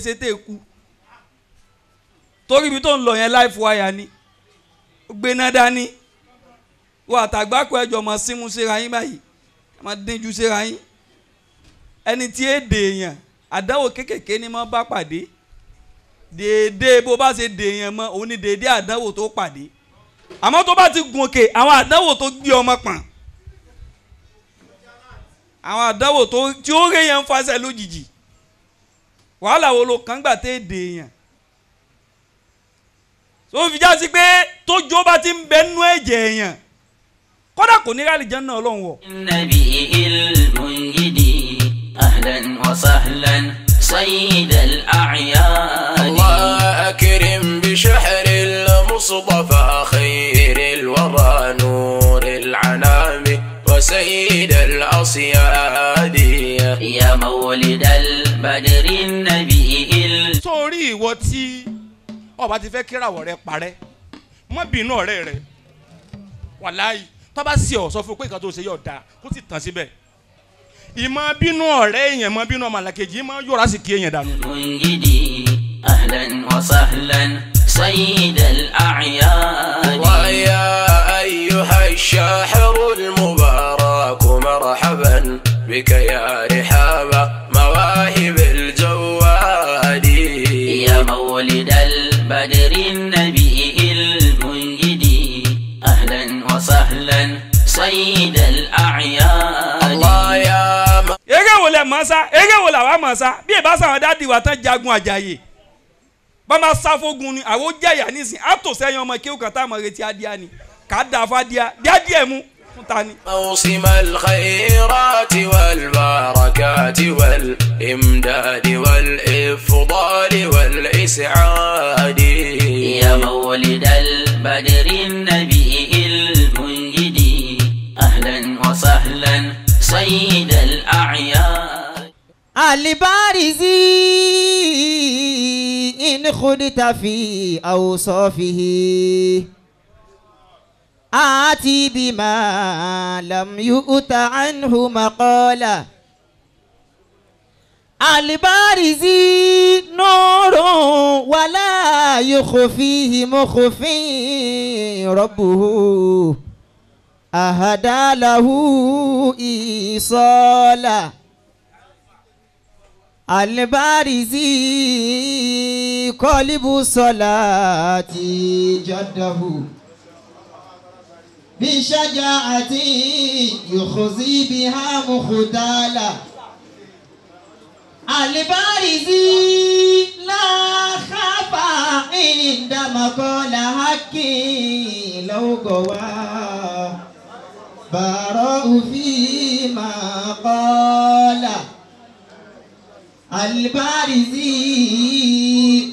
ṣe tẹ̀ kú torí ibi tó ń lọ yẹn life wire ni gbéná dání wọ́n àtàgbákò ẹjọ́ mọ̀ símú síra yín báyìí mọ̀ dínjú síra yín ẹni tí èdè èèyàn àdáwò kéékèèké ni mo bá pàdé déédéé bó bá ṣe dèèyàn mọ òun ni déédéé àdánwò tó pàdé àmọ́ tó bá ti gun òkè àwọn àdánwò tó gbé ọmọ pọ̀n àwọn àdánwò tó tí ó rèyàn ń fasẹ̀ lójijì wàhálà wo ló kàn gbà tẹ́ èdè èèyàn tó fi já sí pé tójó bá ti ń bẹ nú ẹ̀jẹ̀ èèyàn kódà kò ní rálì jẹ́ náà ọlọ́run wọ̀. nàbí ahlan wa sahlan sayyid al-a'yan. Allah akrim bi shahr al-mustafa khayr al-wara nur al-anami wa sayyid al-asiyadi. ya mawlid al-badr sórí ìwọ tí o bá ti fẹ́ kíràwọ̀ rẹ parẹ́ mọ́ bínú ọ̀rẹ́ rẹ wàláì tó bá sì ọ̀ sọ fún pé nǹkan tó ṣe yọ̀ dáa kó sì tàn síbẹ̀ ìmọ̀ bínú ọ̀rẹ́ èèyàn mọ̀ bínú ọmọlàkejì ìmọ̀ yóra sì kí èèyàn dànù. ọ̀hún gidi ahlan wa sahlan sayyid al-a'yar. mọ̀ sá eré wo làwa mọ̀ sá bí ìbá sáwọn dáàdì wa tán jagun àjàyè bàmá sáfógun ni àwọn jẹ̀yà nísìn àtòsẹ́yìn ọmọ kí ó kàn tá àmọ́ retí adíá ni kà á dà fún adíá díẹ̀ mú fún ta ni. موسم الخيرات والبركات والإمداد والإفضال والإسعاد يا مولد البدر النبي المنجد أهلا وسهلا سيد الأعياد البارزي إن خدت في أوصافه آتي بما لم يؤت عنه مقالا البارزي نور ولا يخفيه مخفي ربه أهدى له إيصالا البارزي قلب صلاتي جده بشجاعة يخزي بها مختالا البارزي لا خاف عندما قال حقي لو قوى براء فيما قال البارزي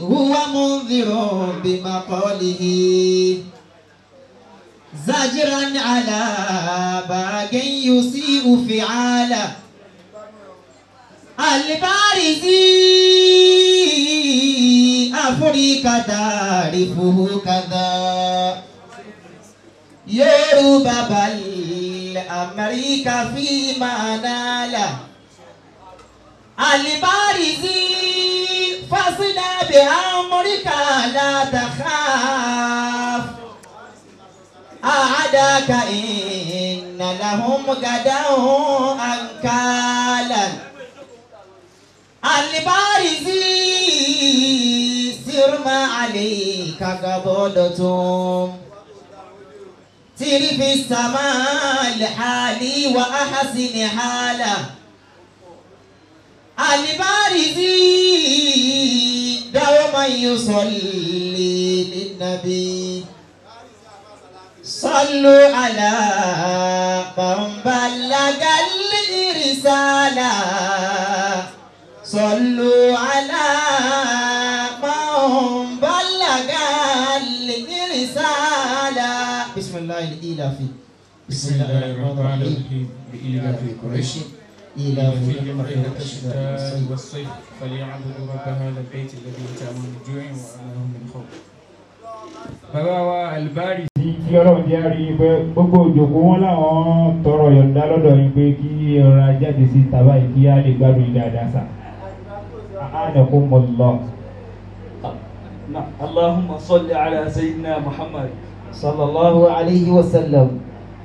هو منذر بمقاله زجرا على باق يسيء فعاله البارزي أفريقا تعرفه كذا يروب بل أمريكا في مناله alibarizi fasinabe amurika latakaf aadaka inna lahum gadan ankalan alibarizi sirma alayka gabodotum tiri fi sama alhali wa ahasini hala alibarizi dawoma yusolli linnabi sallu ala bambalagal irisala sallu ala bambalagal irisala bismillahil ilafi bismillahir rahmanir rahim bi ilafi quraish إيلاف يوم رحلة الشتاء والصيف فليعبدوا رب هذا البيت الذي يتأمون بالجوع وأمنهم من خوف. Bàbá wa Alibari ti kí ọlọ́run jẹ́ àrí pé gbogbo òjòkó wọn làwọn tọrọ yọ̀ǹda lọ́dọ̀ yìí pé kí ọ̀rọ̀ ajáde sí tàbá yìí kí á lè gbádùn ilé àdáṣà. Àánàkó mọ̀ lọ. Allahumma salli ala Sayyidina Muhammad sallallahu alayhi wa sallam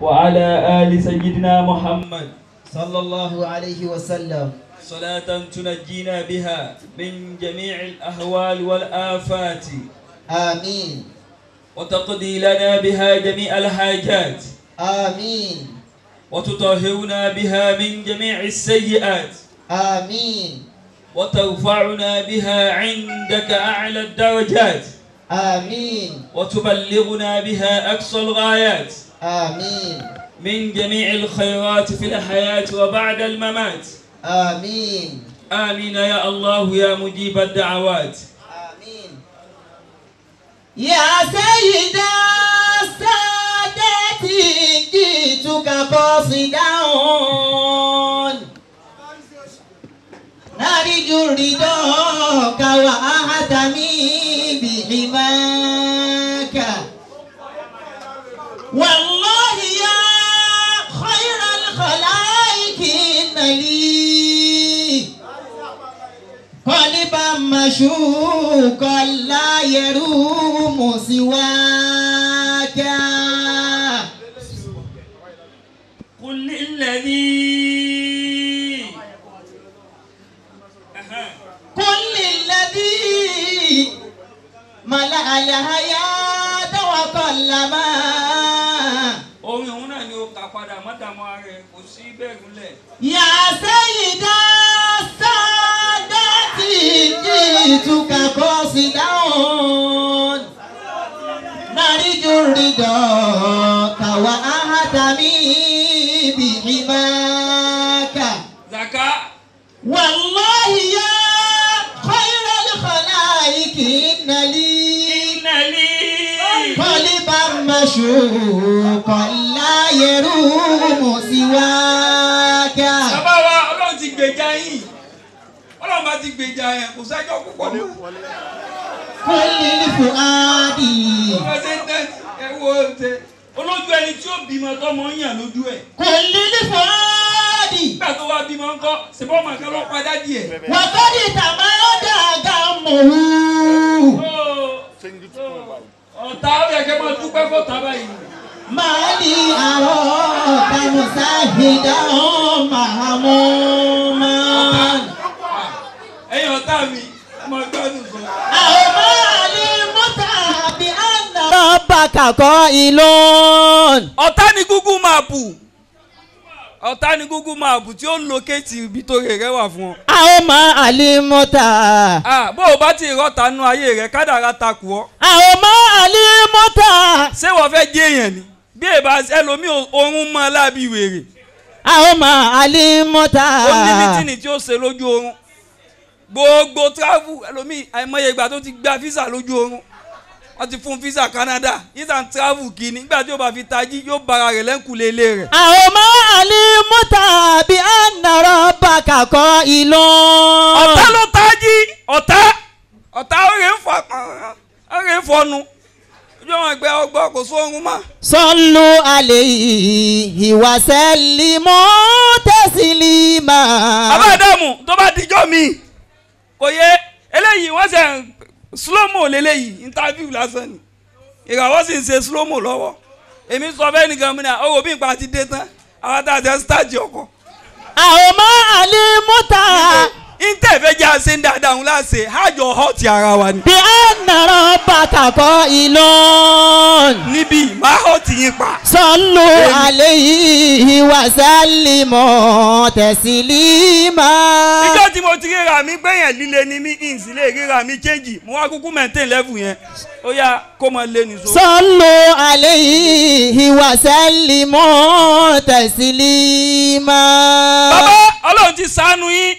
wa ala ali Sayyidina Muhammad. صلى الله عليه وسلم صلاة تنجينا بها من جميع الأهوال والآفات آمين وتقضي لنا بها جميع الحاجات آمين وتطهرنا بها من جميع السيئات آمين وترفعنا بها عندك أعلى الدرجات آمين وتبلغنا بها أقصى الغايات آمين من جميع الخيرات في الحياة وبعد الممات آمين آمين يا الله يا مجيب الدعوات آمين يا سيد سادتي جئتك قاصدا نرجو رضاك وأهتمي بحماك والله kọ́líbà màṣú kọ́lá yẹrù mùsíwájà. قل للذي قل للذي ملأ الحياة وقلما orin òun náà ni ó kà padà mọ́tàmọ́ rẹ̀ kò sí bẹ́ẹ̀ gúnlẹ̀. yà sẹ́yìn dáa. قاصدا نرج رضاك وأهتمي بحماك زكاة والله يا خير الخلائق إن لي إن لي قلبا مشوقا لا يروم سواك. Bàbá wa Ọlọ́run ti gbèjà yín tọ́lọ́ bá ti gbèjà ẹ̀ kò sẹ́jọ́ púpọ̀ mọ́. kọ́lé ní fò áàdì. ẹ wo ṣe olójú ẹni tí ó bímọ tọmọ ń yàn lójú ẹ. kọ́lé ní fò áàdì. nígbà tó wá bímọ ńkọ́ ṣèbọ́ ọmọ kan lọ padà díẹ̀. wà á tọ́jú ìtàmá ọ̀dà àga mòwú. Oh, oh, ọ̀tá ọ̀rẹ́ máa dúpẹ́ fọ́tà báyìí máa ní àwọn ọ̀tá mùsáhìdá ọ̀hún màhámọ́ máa mi máa gbádùn kan. àwọn máa ní mọ́tà àbí àná. nọ́mbà kàkọ́ ìlọ́n. ọ̀tá ni Google máàpù ọ̀tá ni Google máàpù tí ó ń lókèétì ibi tó rẹ̀ rẹ̀ wà fún ọ. a ó máa àlímọ́tà. bó o bá ti rọ́ta nú ayé rẹ̀ kádàrá takù ọ́. a ó máa àlímọ́tà. ṣé wọ́n fẹ́ jẹ́ èèyàn ni bí èèbá ẹlòmíì oorun mọ́ lábí wèrè. a ó máa àlímọ́tà. ó ní mítìnì tí ó ṣe lójú oorun gbogbo travel ẹlòmíì àìmọye ìgbà tó ti gba visa lójú oorun wọ́n ti fún visa Canada visa ń travel kì í nígbà tí yóò bá fi tají yóò bára rẹ̀ lẹ́kùn lélẹ̀ rẹ̀. àwọn ọmọ àlè múta bí ànàrọ̀ bá kàkọ́ ìlú. ọ̀tá ló tají ọ̀tá ọ̀tá ọ̀rẹ́ ń fọ ọ̀rẹ́ ń fọnu ojú àwọn ẹgbẹ́ ọgbọ́n kò sóorun mọ́. sọ́nù àlè ìwàsẹ́ limọ́ tẹ̀sílímà. abáàdàmù tó bá dijọ́ mi. kò yé eléyìí wọ́n lélẹ́yìí interview lásán ni ìràwọ̀ sì ń ṣe lọ́wọ́ èmi sọ fẹ́ nìkan mi náà ti dé tán àwọn tá a jẹ́ sítáàjì ọkọ̀. àwọn ọmọ àlè mọ́tà. ìtẹ̀fẹ́jà ṣe ń dáadáa òun láṣẹ ara wa ni. pa. yìí ti ríra mi gbẹ̀yàn líle ni mí ìǹsì lè ríra mi kéjì mo wá kúkú maintain level yẹn ó yá kó mọ lé nìṣó. sọ́lù alayhi wa sallimu taslima. bàbá ọlọ́run ti ṣàánú yín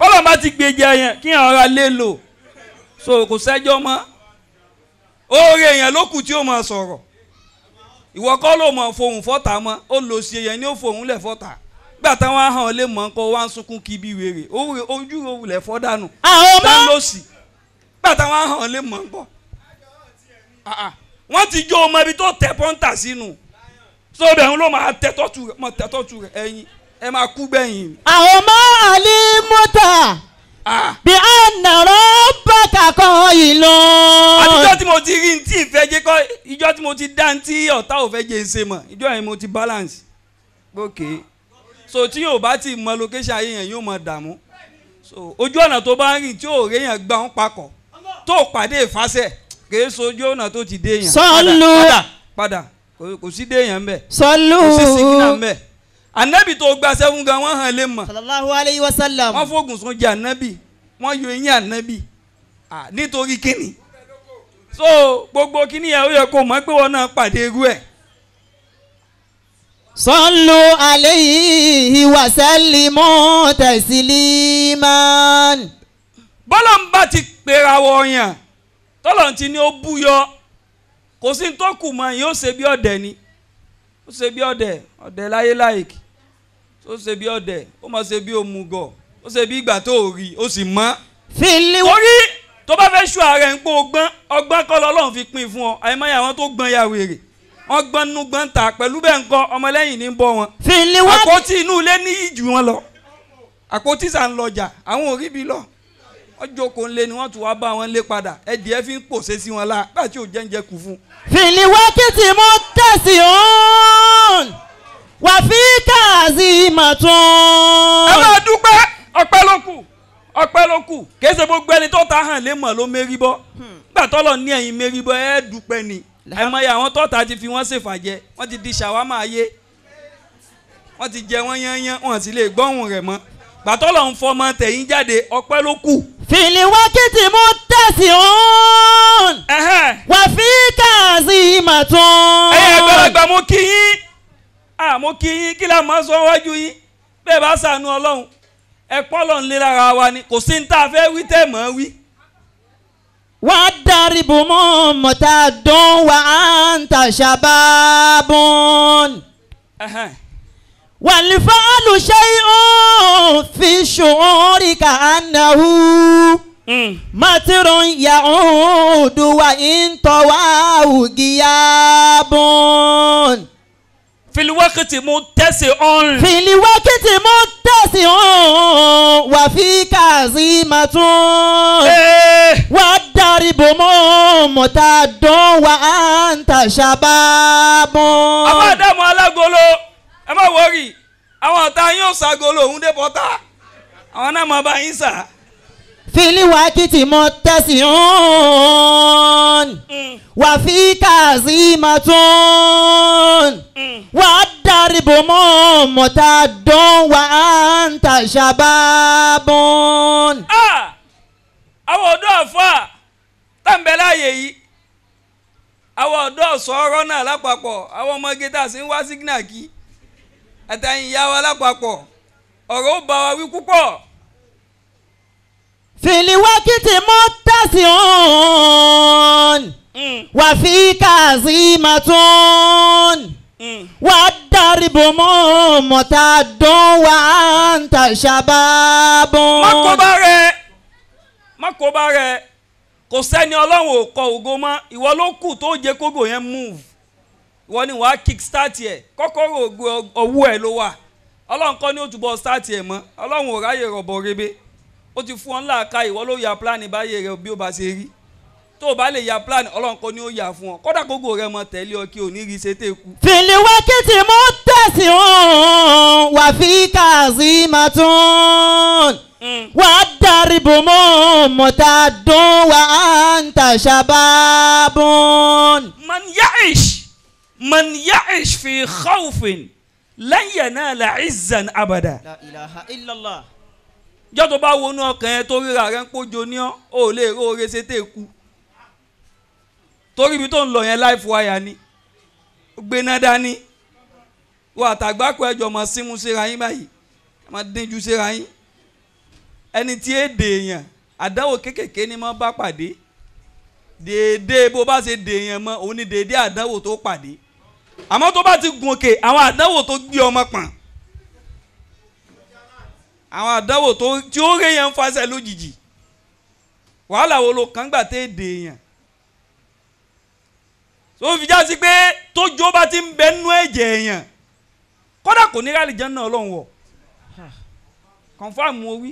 bọ́lá bá ti gbèjà yẹn kí yẹn ọ̀rá lé lò so kò sẹ́jọ́ mọ́ oore èèyàn ló kù tí ó máa sọ̀rọ̀ ìwọ kọ́ ló mọ̀ fohùn fọ́ta mọ́ ó lò sí èèyàn ní ó fohùn lẹ̀ fọ́ta gbà táwọn ahọ́n lè mọ̀ kó wá ń sunkún kí ibi wèrè ojú òwúlẹ̀ fọ́ dànù tálọ́sì gbà táwọn ahọ́n lè mọ̀ kọ́ wọ́n ti jó ọmọ ibi tó tẹ pọ́ńtà sínú sóbì ẹ̀hún ló máa tẹ tọ́tù rẹ̀ mọ̀ tẹ tọ́tù rẹ̀ ẹ̀yìn ẹ̀ máa kú gbẹ̀yìn. àwọn ọmọ àlè mọ́tà ah. bí a nàró bàtà kan ìlú. àtijọ́ tí mo ti rí ní tí ìfẹ́ jẹ́ kọ́ ìjọ́ tí mo ti dá ní tí ọ̀tá ò fẹ́ jẹ́ ṣe mọ̀ ìjọ́ yẹn mo ti balance. Okay so tí yóò bá ti mọ location ayé yẹn yóò mọ dààmú so ojú ọ̀nà tó bá ń rìn tí òòrè yẹn gbà ń pakọ̀ tó pàdé ìfàsẹ̀ kìí sojú ọ̀nà tó ti dé yẹn padà padà padà kò sí dé yẹn mbẹ kò sí sigina mbẹ anabi tó gba sẹ́fún gan wọ́n hàn lé mọ̀ sallallahu alayhi wọ́n fògùn sún jẹ anabi wọ́n yọ eyín anabi nítorí kíni so gbogbo kíni yẹn ó yẹ kó mọ̀ pé wọ́n náà pàdé irú ẹ̀ sọ́nlù àléyìí wàsálìmù tẹ̀sílímán. bọ́lá ń bá ti pera wọ yàn tọ́lọ̀ ti ní ó búyọ kò sí tó kù mọ́ yìí ó ṣe bí ọ̀dẹ̀ ni ó ṣe bí ọ̀dẹ̀ ọ̀dẹ̀ láyé láìkì ó ṣe bí ọ̀dẹ̀ ó mọ̀ ṣe bí òmùgọ̀ ó ṣe bí ìgbà tó rí ó sì mọ́. fìlí. orí tó bá fẹ́ ṣu ààrẹ ń pọ̀ ọgbọ́n ọgbọ́n kọ́ lọ́lọ́run fi pín in fún ọ àyẹ̀mọ́ yà wọ́n tó gbọ́n ya wèrè ọgbọ́n nínú gbọ́ntà pẹ̀lú bẹ́ẹ̀ ńkọ́ ọmọlẹ́yìn ní bọ́ wọn. fìlì wá àpótí inú ilé ní ìjù wọn lọ àpótí sàn lọjà àwọn òrí bí lọ ọjọ́ kò ń lé ni wọ́n tún wá bá wọn lé padà ẹ̀dì ẹ̀ fi ń pòṣe sí wọn la bá tí ò jẹ́ǹjẹ́ kù fún. fìlì wá kìtì mú tẹ̀sí òun wà fi káàzì mà ẹ máa dúpẹ́ ọpẹ́ ló kù ọpẹ́ ló kù kì í gbogbo ẹni tó ta hàn lé mọ̀ ló mérí bọ́ hmm. gbàtọ́ lọ ní ẹ̀yìn mérí bọ́ ẹ dúpẹ́ ni ẹ mọ iye àwọn tọ́ta ti fi wọ́n ṣèfàjẹ wọ́n ti di ṣàwámà ayé wọ́n ti jẹ wọ́n yányán wọ́n sì lè gbọ́hùn rẹ̀ mọ́ gbàtọ́ lọ́n fọmọ tẹ̀yìn jáde ọpẹ́ ló kù. fìlì wákìtì mú tẹ̀sí òun wà fí káàsì mà tún. ẹ ẹ gbọ́dọ̀gbà mo kí yín à mo kí yín kí la máa sọ wájú yín bẹ́ẹ̀ bá ṣàánú ọlọ́run ẹ pọ́ lọ́n lé lára wa ni kò sí ní tá a fẹ́ wí tẹ́ mọ̀ wí. وَالدَّرِبُ مُمْتَدٌ وَأَنْتَ شَبَابٌ وَالْفَعْلُ شَيْءٌ فِي الشُّعُورِ كَأَنَّهُ مَطَرٌ يَعُودُ وَإِنْ طَوَاهُ غِيَابٌ filiwakiti mu tẹ̀sí ọ̀hún. filiwakiti mu tẹ̀sí ọ̀hún wà fi kàzí ma tún. Eh. wà á dárí bò mọ́ mọ́ta dán wà á ń tà ṣàbá bọ́. àbá àdàmú alágolo ẹ má wọrí àwọn ọ̀tá yín ò òun dé bọ́tà àwọn náà máa bá yín sà filiwakiti mọ tẹsán wà fi kàzí ma tún wà á dàrìbò mọ mọta dán wà á ń ta ṣàbàbọn. àwọn ọ̀dọ́ àfọ́à tàǹbẹ̀ láàyè yìí àwọn ọ̀dọ́ ọ̀sọ́ ọ̀rọ̀ náà lápapọ̀ àwọn ọmọge tá a sì ń wá sígínà kí àtàyìn ìyá wa lápapọ̀ ọ̀rọ̀ ó bá wa wí púpọ̀ filiwakiti mutasion mm. wàfi kazimatun wà dàrìbò mọ́ mọ́ta dùn wà ń ta ṣàbàbọ̀. má kó bá rẹ má kó bá rẹ kò sẹ́ni ọlọ́run ò kọ ògo mọ́ ìwọ ló kù tó jẹ́ kógò yẹn move ìwọ ni wàá kick start yẹ kọ́kọ́rọ́ ògo ọwọ́ ẹ̀ ló wà ọlọ́run kọ́ ni ó túbọ̀ start yẹ mọ́ ọlọ́run ò ráyè rọ̀bọ̀ rebe ó ti fún ọ ńlá ka ìwọ ló ya pílánì báyé rẹ bí ó bá ṣe rí tó o bá lè ya pílánì ọlọ́run kò ó yà fún ọ kódà gbogbo rẹ mọ tẹ̀lé ọ kí o ní rí ṣètè kú. fìlíwá kí tí mo tẹ̀sí wà fi kàzí mà tún hmm. wà á darí bò mọ́ mọ́ta dún wà á ń tà ṣàbàbọ̀n. man ya'ish man ya'ish fi khawfin lan yanala izzan abada. la ilaha illallah jọ́ tó bá wọnú ọkàn yẹn tó ríra rẹ̀ ń pójo ní ọ́ ò lè rí oore ṣe tè kú torí ibi tó ń lọ yẹn láìfọ àyà ni gbéná dání wọ́n àtàgbákò ẹjọ́ mọ̀ símú síra yín báyìí ẹ máa dínjú síra yín ẹni tí èdè èèyàn àdáwò kéékèèké ni mo bá pàdé déédéé bó bá ṣe dèèyàn mọ òun ni déédéé àdáwò tó pàdé àmọ́ tó bá ti gun òkè àwọn àdáwò tó gbé ọmọ pọ̀n àwọn àdánwò tó tí ó rẹ yẹn ń fasẹ̀ lójijì wàhálà wo ló kàn gbà tẹ́ dè yẹn tó fi já sí pé tójó bá ti ń bẹ nú ẹ̀jẹ̀ yẹn kódà kò ní rálì jẹ́ náà ọlọ́run wọ̀ confam mo wí.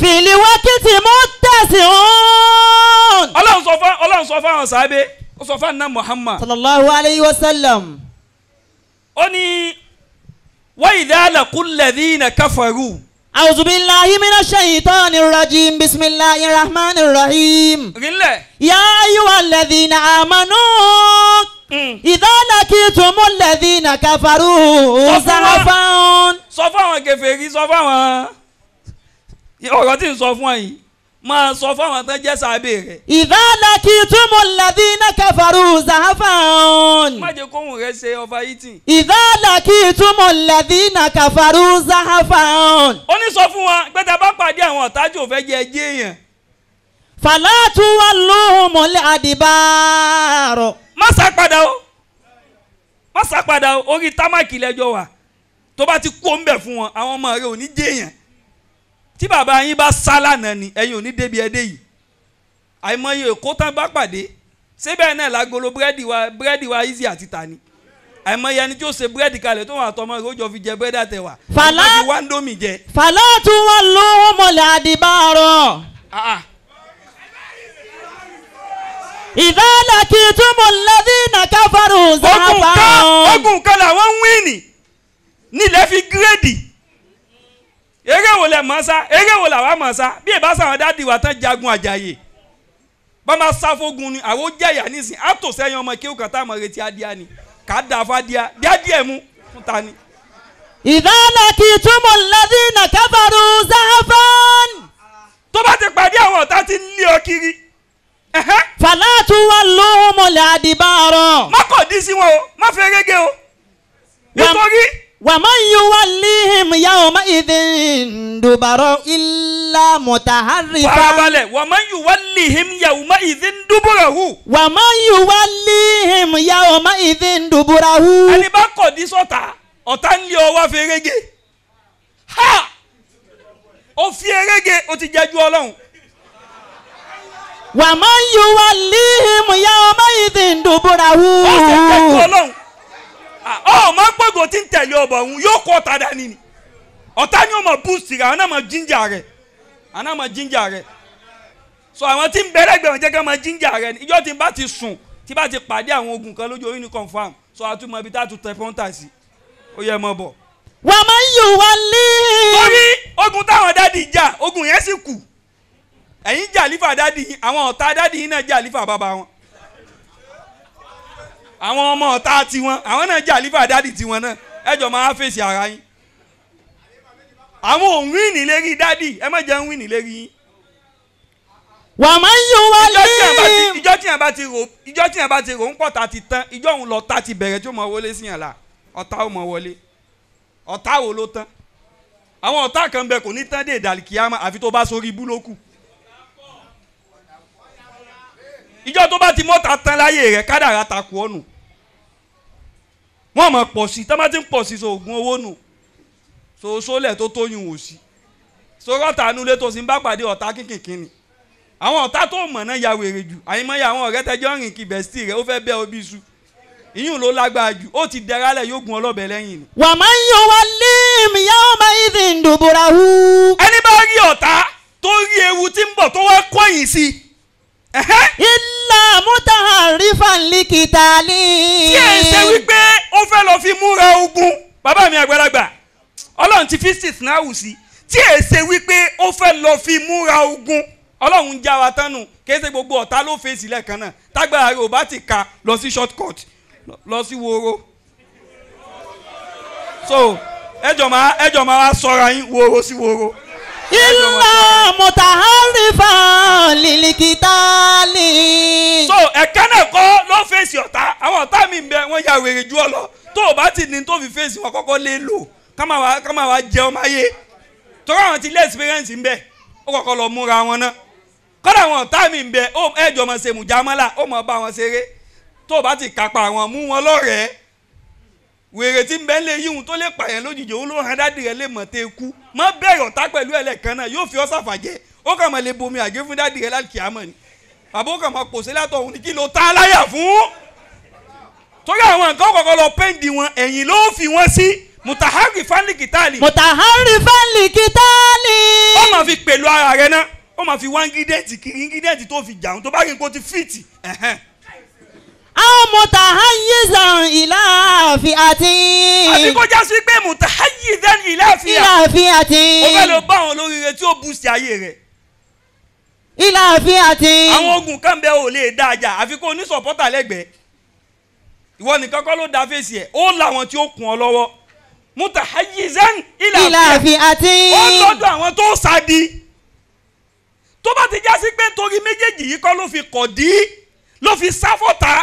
fìlíwákì tí mo tẹ̀sí òun. ọlọ́run sọ fún ọlọ́run sọ fún àwọn sábẹ́ ó sọ fún àná Muhammad. sallallahu alayhi wa sallam. ó ní wa idha laqul ladhina kafaru. a'udhu billahi minash shaitani rajim bisimilahi rahmani rahim. rinlẹ̀. ya ayyuhal ladhina amanu. Hmm. idha laqitumul ladhina kafaru. zahafan. sọ fún àwọn kèfèrí sọ fún àwọn ọ̀rọ̀ tí ń sọ fún ọ yìí. Ma sọ fáwọn tó jẹ́ sábẹ́ rẹ̀. ìdáná kí túmọ̀ lẹ́bí iná kẹfàrú zahafan. má jẹ́ kóhùn rẹ ṣe ọba yìí tì. la kí túmọ̀ lẹ́bí iná kẹfàrú zahafan. ó ní sọ fún wọn pé tá a bá pàdé àwọn ọ̀tájú òfẹ́ jẹ ẹjẹ́ èèyàn. fàlàtú wà lóhùn mọ́lẹ́ àdìbàárọ̀. má sá o má sá o orí támákì lẹ́jọ́ wà tó bá ti kó ń bẹ̀ fún wọn àwọn ọmọ rẹ ò ní jẹ́ èèyàn tí bàbá yín bá sá lánàá ni ẹ̀yin ò ní débi ẹdẹ yìí àìmọye èkó tán bá pàdé síbẹ̀ náà lágolo búrẹ́dì wa búrẹ́dì wa easy àti ta ni àìmọye ẹni tí ó ṣe búrẹ́dì kalẹ̀ tó wọn àtọmọ rẹ̀ ó jọ fi jẹ búrẹ́dì àtẹwà fàlà àti wáńdómì jẹ. fàlà ah, ah. tún wọn ló wọn mọlẹ àdìbàrọ. ìdálẹ̀ kì í túmọ̀ lẹ́dí nàkàfàrọ̀ zàbà. ogun kan ogun kan làwọn ń wí ní nílẹ̀ fi gírèdì eré wo lẹ̀ mọ́ sá eré wo làwa mọ́ sá bí ìbá sàwọn dáàdì wa tán jagun àjàyè bàmá sáfógun ni àwọn jẹ̀yà nísìn àtò sẹ́yìn ọmọ kéwù kan táwọn retí adíá ni kà á dà fadíá díadíẹ̀ mú fún ta ni. ìdáná kì í túmọ̀ lẹ́dí nàkẹ́fàrú záfán. tó bá ti pàdé àwọn ọ̀tá tí lé ọ kiri. fàlàtú wà lóhùn mọ̀lẹ́ àdìbàrọ̀. má kọ̀ dí wọn o má fẹ́ régé o nítorí wàmọ́ yìí wà líhìm yawma idhin dùbàrọ̀ illa mutaharifa. farabalẹ̀ wàmọ́ yìí wà líhìm yawma idhin dùbùrọ̀hù. wàmọ́ yìí wà líhìm yawma idhin dùbùrọ̀hù. ẹni bá kọ̀ ní sọ́ta ọ̀tá ń lé ọwọ́ fi rege ha ó fi rege ó ti jẹ́ ju ọlọ́run. wàmọ́ yìí wà líhìm yawma idhin dùbùrọ̀hù. ó ti jẹ́ ju ọlọ́run ọ ah, ọmọ oh, gbogbo tí ń tẹ̀lé ọbọ̀ ọ̀hún yóò kọ́ ọ̀tá dání ni ọ̀tá ni ó mọ̀ boost rẹ̀ àwọn náà mọ̀ ginger rẹ̀ àwọn náà mọ̀ ginger rẹ̀ so àwọn tí ń bẹ̀rẹ̀ gbẹ̀rún jẹ́ ká mọ̀ ginger rẹ̀ ni ìjọ́ tí bá ti sùn tí bá ti pàdé àwọn ogun kan lójú oyún ni confam so àtúmọ̀ ibi tá a tún tẹ pọ́ńtà sí ó yẹ mọ́ bọ̀. wà á máa ń yò wá lé. torí ogun táwọn dádì jà ogun yẹn sì kù ẹ̀yin jà lífà dádì yín àwọn ọ̀tá dádì yín náà jà bàbá wọn àwọn ọmọ ọ̀tá tiwọn àwọn náà jẹ́ àlífà dádì tiwọn náà ẹjọ́ máa fèsì ara yín àwọn òun wíìnì lérí dádì ẹ má jẹ́ ń wíìnì lérí yín. wà á máa ń yọ wá lé. ìjọ tí yàn bá ti rò ìjọ tí ti rò ń pọ̀ ta ti tán ìjọ òun lọ ta ti bẹ̀rẹ̀ tí ó mọ wọlé sí yàn la ọ̀tá ò mọ wọlé ọ̀tá wo ló tán àwọn ọ̀tá kan bẹ kò ní tán dé ìdàlìkíyàmá àfi tó bá sórí ibú ìjọ tó bá ti mọ́ta tán láyé rẹ̀ kádàrá takò ọ̀nù wọ́n mọ̀ pọ̀ sí tọ́ bá ti ń pọ̀ sí so oògùn owó nù so sólẹ̀ tó tóyún wò sí so rọ́ta nulẹ̀ tó sì ń bá pàdé ọ̀tá kínkìnkín ni àwọn ọ̀tá tó mọ̀ náà ya wèrè jù àyìnmọ́yà àwọn ọ̀rẹ́ tẹjọ́ rìn kí bẹ̀sítì rẹ̀ ó fẹ́ bẹ́ obi su ìyún ló lágbára jù ó ti dẹra lẹ̀ yóò gun ọlọ́bẹ lẹ́yìn ni. wà á máa ń yan wa léèmí yá ọmọ ìdí ìdòbòrà ẹni bá rí ọ̀tá tó rí ewu tí ń bọ̀ tó wá kọ́yìn sí i ilà mútà rífàǹlì kìtàlì. tí ẹ ṣe wípé ó fẹ́ lọ fi múra ogun bàbá mi àgbàlagbà ọlọ́run ti fi six náà wù sí tí ẹ ṣe wípé ó fẹ́ lọ fi múra ogun ọlọ́run já wa tánu kìí ṣe gbogbo ọ̀tá ló fèsì lẹ́ẹ̀kan náà tágbára rẹ̀ ò bá ti ka lọ sí short lọ sí woro so ẹjọ̀ máa ẹjọ̀ máa wá sọ́ra yín woro sí woro ilà mutaharifa lilikitali. so ẹ̀ka náà kọ́ ló fèsì ọ̀tá àwọn ọ̀tá mi bẹ wọ́n ya wèrè ju ọ lọ tó o bá ti ní tó fi fèsì wọn kọ́kọ́ lé lò kámá wa kámá wa jẹ ọmọ ayé torí àwọn ti lé experience ń bẹ ó kọ́kọ́ lọ múra wọn náà kọ́dà àwọn ọ̀tá mi bẹ ẹ̀jọ̀ mọ̀ ṣe mùjámọ́lá ó mọ̀ bá wọn ṣeré tó o bá ti kápá wọn mú wọn lọ́rẹ̀ẹ́ wèrè tí bẹ́ẹ̀ lè yíhun tó lè pààyàn lójijì ó ló hàn dádì rẹ̀ lè mọ̀ tẹ́ kú mọ́ bẹ́ẹ̀ yọ̀tá pẹ̀lú ẹlẹ́kan náà yóò fi ọ́ sàfàjẹ́ ó kàn máa lè bomi àgé fún dádì rẹ̀ láti kìámọ̀ ni àbó kàn máa pòṣẹ́ látọ̀ òun ni kí ló ta aláyà fún. torí àwọn nǹkan kọ̀ọ̀kan lọ péǹdì wọn ẹ̀yìn ló fi wọ́n sí mutahari fanli kitali. mutahari fanli kitali. ó máa fi pẹ̀lú ara rẹ̀ náà ó máa fi wá ingredient kiri ingredient tó fi jà àwọn mutahayizan ìlàáfi àti. àti kó já sí pé mutahayizan ìlàáfi àti. ìlàáfi àti. ó fẹ́ lọ bá àwọn olóríire tí ó bú sí ayé rẹ̀ ìlàáfi àti. àwọn ogun kan bẹ ò lè dá ajá àfi kó ní sọpọ́tà lẹ́gbẹ̀ẹ́ ìwọ nìkan kọ́ ló da fèsì ẹ̀ ó làwọn tí ó kún ọ lọ́wọ́ múta hayizan ìlàáfi àti. ó lọ́dọ̀ àwọn tó sádi tó bá ti já sí pé torí méjèèjì yìí kọ́ ló fi kọ̀ dí ló fi sáfọ́ta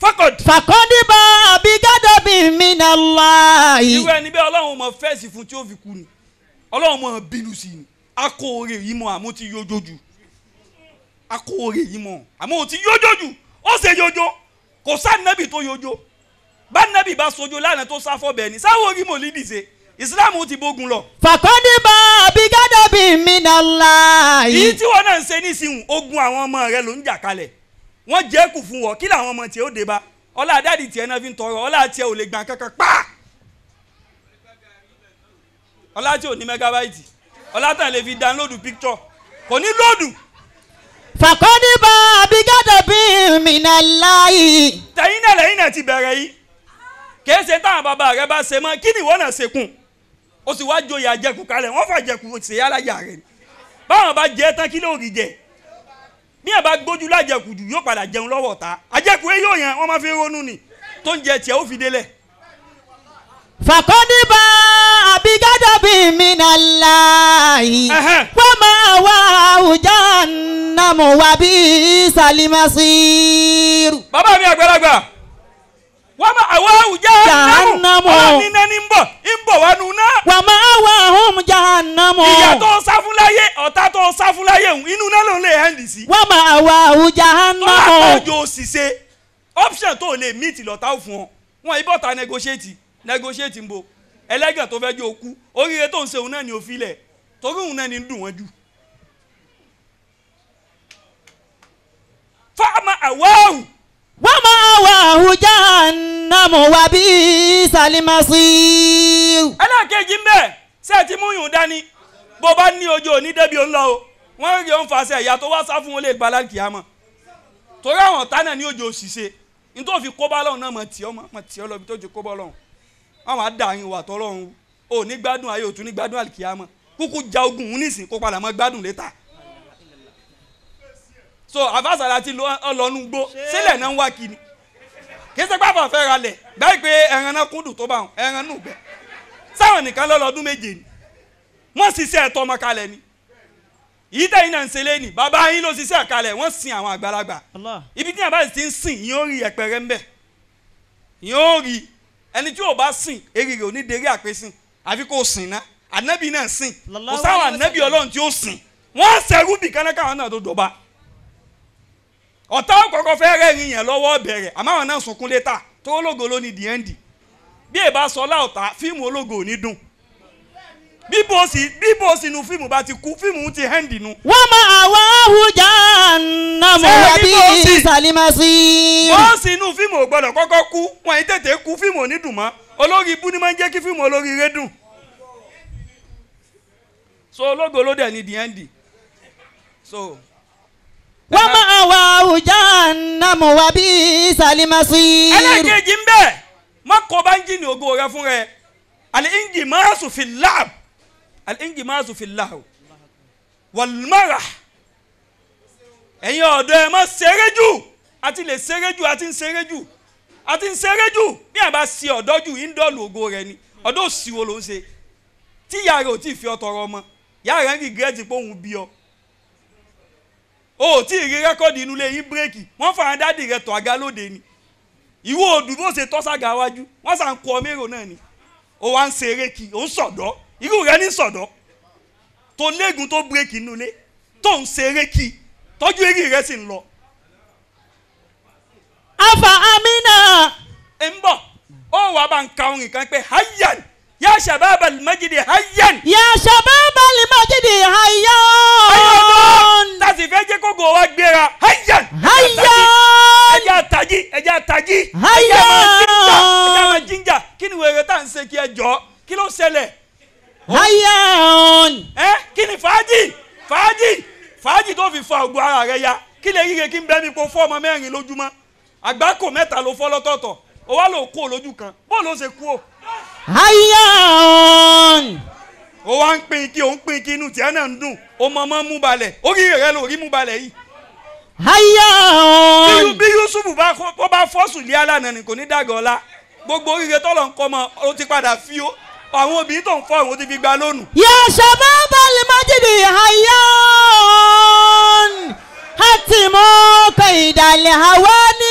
fakọd. fakọdí bá abigado bí mi nà láàyè. irú ẹni bẹ́ẹ̀ ọlọ́run mọ fẹ́ẹ̀sì fún tí ó fi kú ni ọlọ́run mọ bínú sí ni akóore yìí mọ àmọ́ ti yójójú akóore yìí mọ àmọ́ ti yójójú ó ṣe yójó kò sá nẹ́bì tó yójó bá nẹ́bì bá sojo lánàá tó sáfọ́ bẹ́ẹ̀ ni sáwọ́ orí mò lídìí ṣe ìsìláàmù ti bógun lọ. fàkọ́dé bá abigado bí mi nà láàyè. èyí tí wọn náà ń ṣe nísìnyí ogun àwọn ọmọ rẹ ló ń jà kalẹ̀ wọ́n jẹ́ kù fún wọn kí làwọn ọmọ tiẹ̀ ó dé bá ọlá àdáàdì tiẹ̀ náà fi ń tọrọ ọlá tiẹ̀ ò lè gbà kankan pa ọlá tí ò ní mẹgàbáìtì ọlá tàn lè fi dánlódù píktọ̀ kò ní lódù. fàkọ́ni bá abigada bí mina náà láàyè. tẹ̀yìn náà lẹ́yìn náà ti bẹ̀rẹ̀ yìí kìí ṣe táwọn bàbá rẹ bá ṣe mọ́ kí ni ìwọ náà ṣe kùn ó sì wá joyè àjẹkù kalẹ̀ wọ́n fàjẹkù ṣèyá láyà bí yàn bá gbójú lájẹkù jù yóò padà jẹun lọ́wọ́ ta àjẹkù yóò yàn wọ́n máa fi ronú ni tó ń jẹ tiẹ̀ ó fi délẹ̀. fàkọ́dìbà àbígádà bí mi nà láàyè wọ́n máa wá àwùjọ nàmú wà sálímà sí. bàbá mi àgbàlagbà. wama awaahu jahannamu ọlọ́run ni ń bọ̀ ń bọ̀ wá nu náà. wàmà awahum jahannamu. ìyà tó na fún láyé ọ̀tá tó sá fún láyé inú náà ló lè hẹ́ndì sí. wàmà awaahu jahannamu. tọ́lá tọ́jú òṣìṣẹ́ option tó lè meet lọ́tà fún ọ wọn ibọ̀ ta negotiate negotiate ń bo ẹlẹ́gàn tó fẹ́ oríire tó ń ṣe òun náà ni torí òun náà ni ń dùn wọ́n jù. wọ́n máa wà àwùjá nàmú wa bí salimasi. ẹlẹ́ẹ̀kejì ń bẹ̀ ṣé ẹ ti mú yùn dání bó bá ní ojú òní débi òun lọ o wọ́n rí òun fàṣẹ ìyá tó wá sá fún wọn lè gba láti kìá mọ̀ torí àwọn ọ̀tá náà ní ojú òṣìṣẹ́ nítorí òfin kóbá lọ́hùn náà mọ̀ tí ọ́ mọ̀ tí ọ́ lọ́bi tó ti kóbá lọ́hùn àwọn àdáyìn wà tọ́lọ́hùn ò ní gbádùn ayé òtún ní gbádùn àlìkìá mọ̀ kúkú ja ogun òun nísìn kó padà mọ́ gbádùn létà so àfàsàlà ti lọ́nu gbó sílẹ̀ náà ń wá kiri kì ṣe pàfà fẹ́ ra lẹ̀ pé ẹran náà kúndùn tó bá wọn ẹran nù gbẹ sáwọn nìkan lọ́lọ́dún méje ni wọ́n ṣiṣẹ́ ẹ̀tọ́ ni yìí tẹ̀yìn náà ń ṣe bàbá yín ló ṣiṣẹ́ wọ́n sin àwọn àgbàlagbà ibi tí abalị ti ń sìn yín rí ẹ̀pẹ̀rẹ̀ ẹni tí ò bá sìn àfi kò sìn náà sìn kò sáwọn ọlọ́run tí ó sìn wọ́n bìkan ọ̀tá ọ̀kọ̀ọ̀kọ̀ fẹ́ rẹ́rìn yẹn lọ́wọ́ bẹ̀rẹ̀ àmọ́ àwọn náà sunkún létà tó ológo ló ní the end bí ẹ bá sọ láòtá fíìmù ológo ò ní dùn bíbó sì bíbó sì fíìmù bá ti kú fíìmù ti hẹ́ndì nu. wọ́n mọ àwọn ahùjá nàmú wábí ìsàlímàsí. wọ́n sì nu fíìmù ò gbọ́dọ̀ kọ́kọ́ kú wọ́n yìí tètè kú fíìmù ò mọ́ olórí ibú ni máa ń jẹ́ kí fíìmù olórí rẹ dùn. so ológo ló dẹ̀ ní the end so wọ́n máa wà àwùjá nàmú wa bí sàlímàsí. ẹlẹ́kẹ̀jì ń bẹ̀ má kọ́ bá ń jì ní ògo rẹ fún rẹ alẹ́ǹjì máa sùn fi láàbù alẹ́ǹjì máa sùn fi láàbù wàlúmọ́ra ẹ̀yin ọ̀dọ́ ẹ má ṣeré jù àti lè ṣeré jù àti ń ṣeré jù àti ń ṣeré jù bí àbá ṣe ọ̀dọ́ jù ń ògo rẹ ni ọ̀dọ́ òsì ló ń ṣe tí ìyá ò tí ì fi ọtọrọ ọmọ ìyá rẹ ń rìgírẹ́tì pé òun bí ọ o ò tí ì rí rẹ́kọ́ọ̀dì inú ilé yín bírèkì wọ́n fà án dáàdì rẹ̀ tọ̀ àga lóde ni ìwọ òdù bó ṣe tọ́ sága wájú wọ́n sà ń kọ mérò náà ni o wa ń ṣeré kí o ń sọ̀dọ́ irú rẹ ní sọ̀dọ́ tó léegun tó bírèkì inú ilé tó ń ṣeré kí tọ́jú eré rẹ sì ń lọ. afa amina. ẹ ń bọ̀ ó wàá bá ń ka orin kan pé hayan. يا شباب المجد هيا يا شباب المجد هيا tasi fẹ́ jẹ́ kó gò wá gbéra hayan hayan ẹjẹ́ àtàjì ẹjẹ́ àtàjì ẹjẹ́ máa jíjà kí ni wèrè tá à ń ṣe kí ẹ jọ kí ló ṣẹlẹ̀. hayan. ẹ kí ni fàájì fàájì fàájì tó fi fa ògùn ara rẹ ya kí lè ríre kí n bẹ́ẹ̀ mi kó fọ́ ọmọ mẹ́rin lójúmọ́ ayọ̀. ó wá ń pín igi òun pín igi inú tiẹ̀ náà ń dùn ó mọ ọmọ mú balẹ̀ orí rẹ̀ lórí mú balẹ̀ yìí. ayọ̀. bí Yusuf bá fọ́ sùn lé alánà ni kò ní dàgọ̀ ọ̀la gbogbo oríire tọ́lọ̀ ń kọ́ mọ ó ti padà fi ó àwọn obìnrin tó ń fọ àwọn ti fi gba lónù. yàtọ̀ bá balẹ̀ májèlé ayọ̀ hátìmọ́ kẹ̀hìndàlẹ̀ àwa ni.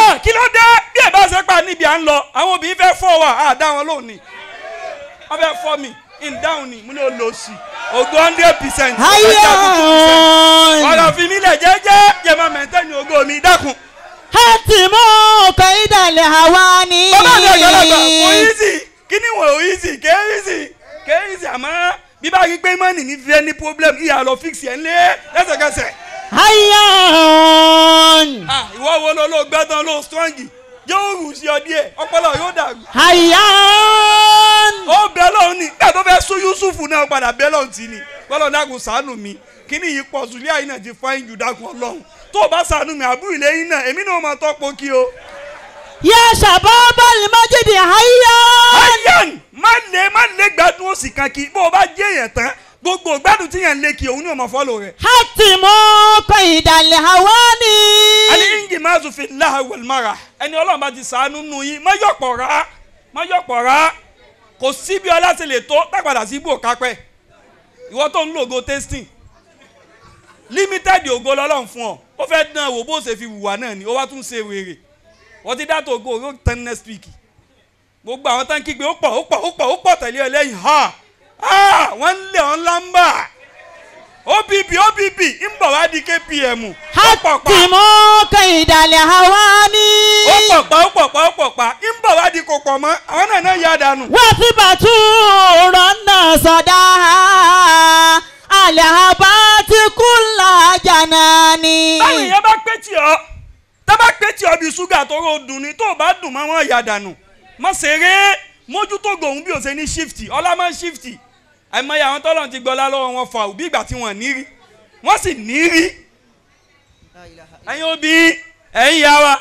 Ah, kí ló dé bí ẹ bá ṣe pa níbi à ń lọ àwọn obìnrin fẹ́ fọ́ wa àdá wọn lónìí wọ́n fẹ́ fọ́ mi ìdáhùn ni mo ní olóòsì ogún hundred percent ọjà tuntun ọ̀rọ̀ fi mí lẹ̀ jẹ́jẹ́ jẹ́ máa mẹ́tẹ́ ní ogún omi dákun. hátìmọ́ kẹ̀hìndàlẹ̀ àwa ni. bàbá mi ọ̀gá lọ́gbà kò easy kí ni wọ́n easy kò easy kò easy àmọ́ bí bá rí pé mọ́nì ní fẹ́ ní problem ìyá lọ fix yẹn lé lẹ́sẹ̀kẹsẹ̀ hayan. ìwọ wo ló ló gbẹ́tàn ló strong yóò rù sí ọ díẹ̀ ọpọlọ yóò dàrú. hayan. ó bẹ lọ́hùn ní ìgbà tó fẹ́ sún yusufu náà padà bẹ lọ́hùn tì ní bọ́lọ̀ dàgùn sànù mi kíní yìí pọ̀ sùlẹ̀ àyìn náà ti fáyín jù dàgùn ọlọ́run tó o bá sànù mi àbúrò ilé náà èmi náà máa tọ́pọ̀ kí o. yẹ ṣàbọ̀ bọ́ọ̀lù májèlé hayan. hayan má lè má lè gbádùn òsì kan kí bó o bá jẹ́ èèyàn tán gbogbo gbádùn tí yẹn ń lé kí òun ni ọmọ fọ́lọ̀ rẹ̀. hati mo kọ ìdàlẹ̀ àwa ni. ẹni yíyí máa tún fi láha wẹ̀lmára ẹni ọlọ́run bá ti sàánú nù yín má yọ̀pọ̀ rá má yọ̀pọ̀ rá kò sí ọlá ti lè tó tápadà sí ibò kápẹ́ ìwọ tó ń lo ògo testing limited ògo lọ́lọ́run fún ọ ó fẹ́ dán wò bó ṣe fi wùwà náà ni ó wá tún ṣe wèrè wọ́n ti dátò ògo yóò tán next week gbogbo àwọn tán kígbe ó pọ̀ ó pọ̀ ó pọ̀ ó pọ̀ tẹ̀lé ọ lẹ́yìn ha. wọ́n ń lé ọ́n lamba obibi obibi ń bọ̀ wá di kpm. hatimu kẹ́hìndàlẹ̀ hawa ha ó pọ̀pá ó ha ó pọ̀pá ń bọ̀ wá di kò pọ̀ mọ́ àwọn náà náà yá dànù. wọ́n ti bàtú rọ́nà sọ̀dá alẹ́ àbá ti kú ha ha ha yẹn bá pé tí ọ tá bá pé tí ọ bí ṣúgà tó rò dùn ni tó o bá dùn mọ́ wọn yá dànù mọ́ sèré mójútó gòun bí o ṣe ní ṣífìtì ọlá máa ń ṣífìtì. àìmọye àwọn tọ́lọ̀ ti gbọ́lá lọ́wọ́ wọn fà òbí ìgbà tí wọ́n ní rí wọ́n sì ní rí ẹ̀yin òbí ẹ̀yin yá wa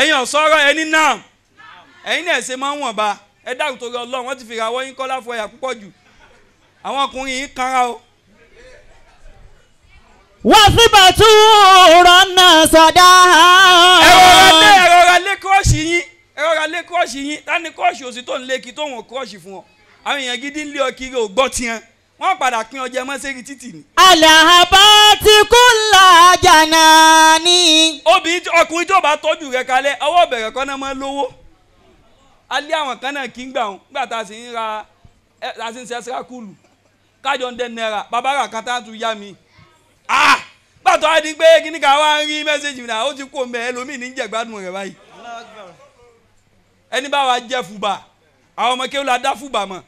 ẹ̀yin ọ̀sọ́rọ̀ ẹni náà ẹ̀yin náà ṣe máa ń wọ̀nba ẹ dáhùn torí ọlọ́run wọ́n ti fi ìràwọ̀ yín kọ́lá fún ẹ̀yà púpọ̀ jù àwọn ọkùnrin yìí kanra o. wọ́n sì bá tún rọ́nà sọ̀dá. ẹ̀rọra lé ẹ̀rọra lé kírọ́ọ̀ṣì yín ẹ̀rọra lé kírọ́ọ̀ṣì yín tani kírọ́ọ̀ṣì òsì tó ń lé kí tó wọ̀n kírọ́ọ̀ṣì fún ọ àwọn èèyàn gidi ń lé ọ kiri ò gbọ́ tiẹ̀ wọ́n padà pín ọjà mọ́sẹ́rì títì ni. àlàbà ti kú làjà náà ni. obìnrin ọkùnrin tó bá tọ́jú rẹ̀ kalẹ̀ ọwọ́ bẹ̀rẹ̀ kọ́ náà máa lówó alẹ́ àwọn kan náà kí ń gbà wọn nígbà tá a sì ń ra tá a sì ń ṣe ẹ́sírákùlù kájọ ń dẹ náírà bàbá rà kan tún yá mi. Ah! gbàtọ́ á di pé kíní ká wá ń rí mẹ́sẹ̀gì náà ó ti kó mẹ́ ẹlòmíì ní jẹ̀gbádùn rẹ̀ báyìí. ẹni bá wa jẹ́ fùbà àwọn ọmọ kéwòn la dá fùbà mọ́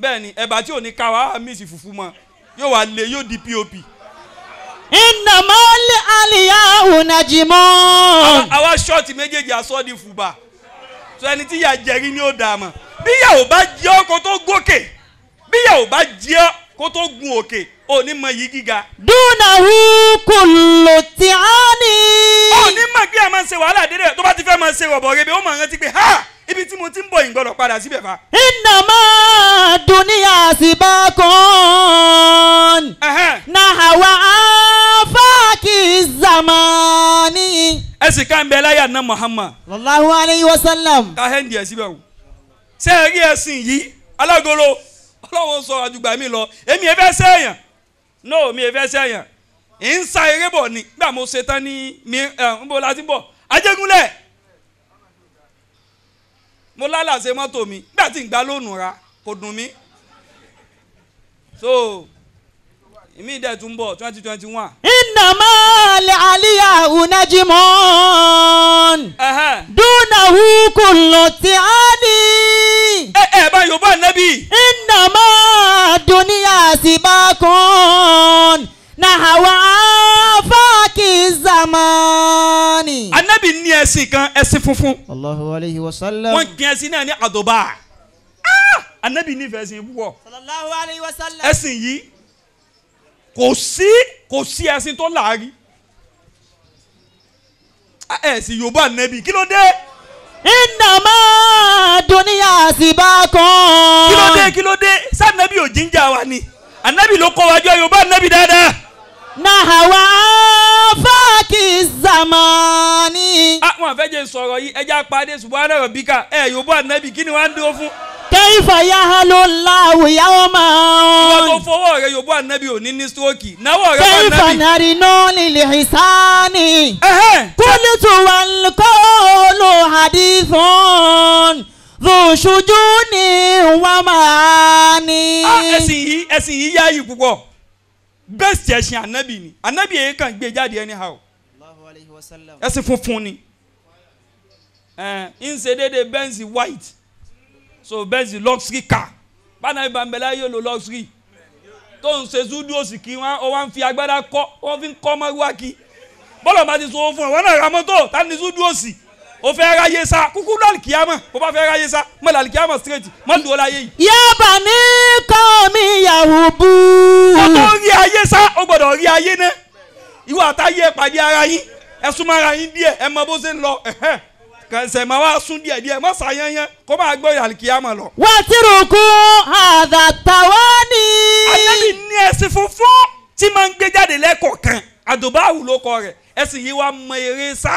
bẹ́ẹ̀ ni ẹ̀bà tí ò ní ká wa á mí sí fùfú mọ́ yóò wá lé yóò di pop. iná máa lé àlìyá ònàjì mọ́. àwa ṣọ́ọ̀tì méjèèjì aṣọ di fùbà sọ ẹni tí ìyá jẹrí ni ó dà mọ́ bí ìyá ò bá jẹ́ ọ́ kó tó gòkè bí ìyá ò bá jẹ́ ọ́ kó tó gun òkè òní mọ yìí gíga. dúnàwó kò lò tí a ní. òní mọ̀ pé a máa ń ṣe wàhálà dédé tó bá ti fẹ́ máa ṣe rọ̀bọ̀ rẹ̀ bẹ́ẹ̀ ó máa rántí pé ha ibi tí mo ti ń bọ̀ yìí padà síbẹ̀ fa. iná máa dunia síbá kan náhàwá fáàkì zamani. ẹ sì ká ń bẹ láyà ná Muhammad. Allahu alayhi wa sallam. ká hẹ́ndì ẹ̀ síbẹ̀ o ṣé ẹ rí ẹsìn yìí alágolo ọlọ́run sọ àjùgbà mi lọ èmi ẹ fẹ́ sẹ́yàn no mi ẹ fẹ́ sẹ́yàn ń sa eré bọ̀ ni nígbà mo ṣe tán ní mi ń bọ̀ láti bọ̀ Ajégúnlẹ̀ mo lálàsẹ mọ́tò mi nígbà tí n gba lóònù ra kò dùn mí so ìmí ìdẹ̀ tún bọ̀ twenty twenty one. iná máa lè àlíyá unajimon. dúnà hukú ló ti á ní. ẹ ẹ bá nẹ́bí. iná máa dúníyà sí bá náà wá fáàkì zamani. anabi ní ẹsìn kan ẹsìn funfun. Allahu alayhi wa sallam. wọ́n kí ẹsìn náà ní àdùbà. anabi ah! nífẹ̀ẹ́ ẹsìn púpọ̀. Sallallahu alayhi wa sallam. ẹsìn yìí kò sí kò sí ẹsìn tó láàárín. Ah, ẹsìn yorùbá anabi kí ló dé. ìnàmá dúníyà sì bá kàn. kí ló dé kí ló dé sanabi ò jíjà wa ni anabi ló kọ́ wájú yorùbá anabi dáadáa nàhàwá fáàkì zamani. àwọn ah, àfẹ́jẹ̀ sọ̀rọ̀ yìí ẹja pàdé ṣùgbọ́n àrọ̀ bí ká ẹ̀ yóò bọ́ ànábì kí ni wàá ń dúró fún. kẹ́yìfà ya ha ló la òyà ó máa. ìwọ tó fọwọ́ rẹ yóò bọ́ ànábì òní ní stroke náwó rẹ bá ànábì. kẹ́yìfà nàrí náà nílé ìsáni. kúlì tó wà lóko ló hadithon lóṣojú ni wàá máa ní. Ah, ẹ̀sìn yìí ẹ̀sìn yìí yáyì púpọ̀ bẹ́ẹ̀sì ẹ̀sìn anabi ni ànábì yẹn kàn gbé jáde anyhow ẹ̀sìn funfun ni ń ṣe déédéé bẹ́ǹsì white so bẹ́ǹsì luxury car bánabi bambẹ́lá yóò lo luxury tó ń ṣe zúdú òsì kí wọ́n wá ń fi agbára kọ́ wọ́n fi ń kọ́ ọmọ wá kí bọ́lọ̀ bá ti sọ wọn fún ọ wọn náà ra mọ́tò tá ní zúdú òsì o fẹ́ ráyé sa kúkú lálùkìyàmọ̀ o bá fẹ́ ráyé sá mọ́ lálùkìyàmọ̀ straight mọ́ lùwọ́ láyé yìí. yaba ni kọ́ mi yàwó bú. kó tó rí ayé sá o gbọ́dọ̀ rí ayé náà ìwọ àtàyè ẹ pàdé ara yín ẹ súnmọ́ ara yín díẹ̀ ẹ mọ bó ṣe ń lọ kẹsẹ̀ máa wá sún díẹ̀ díẹ̀ mọ́ sàyẹ́yẹ́ kó máa gbọ́ ìyàlìkìyàmọ̀ lọ. wà á ti rò kó àdàtàwọ́ ni. ayébi ní ẹsìn funfun tí máa ń gbé jáde lẹ́kọ̀ọ̀kan àdùbáwù ló kọ rẹ̀ ẹsìn yìí wá mọ eré sá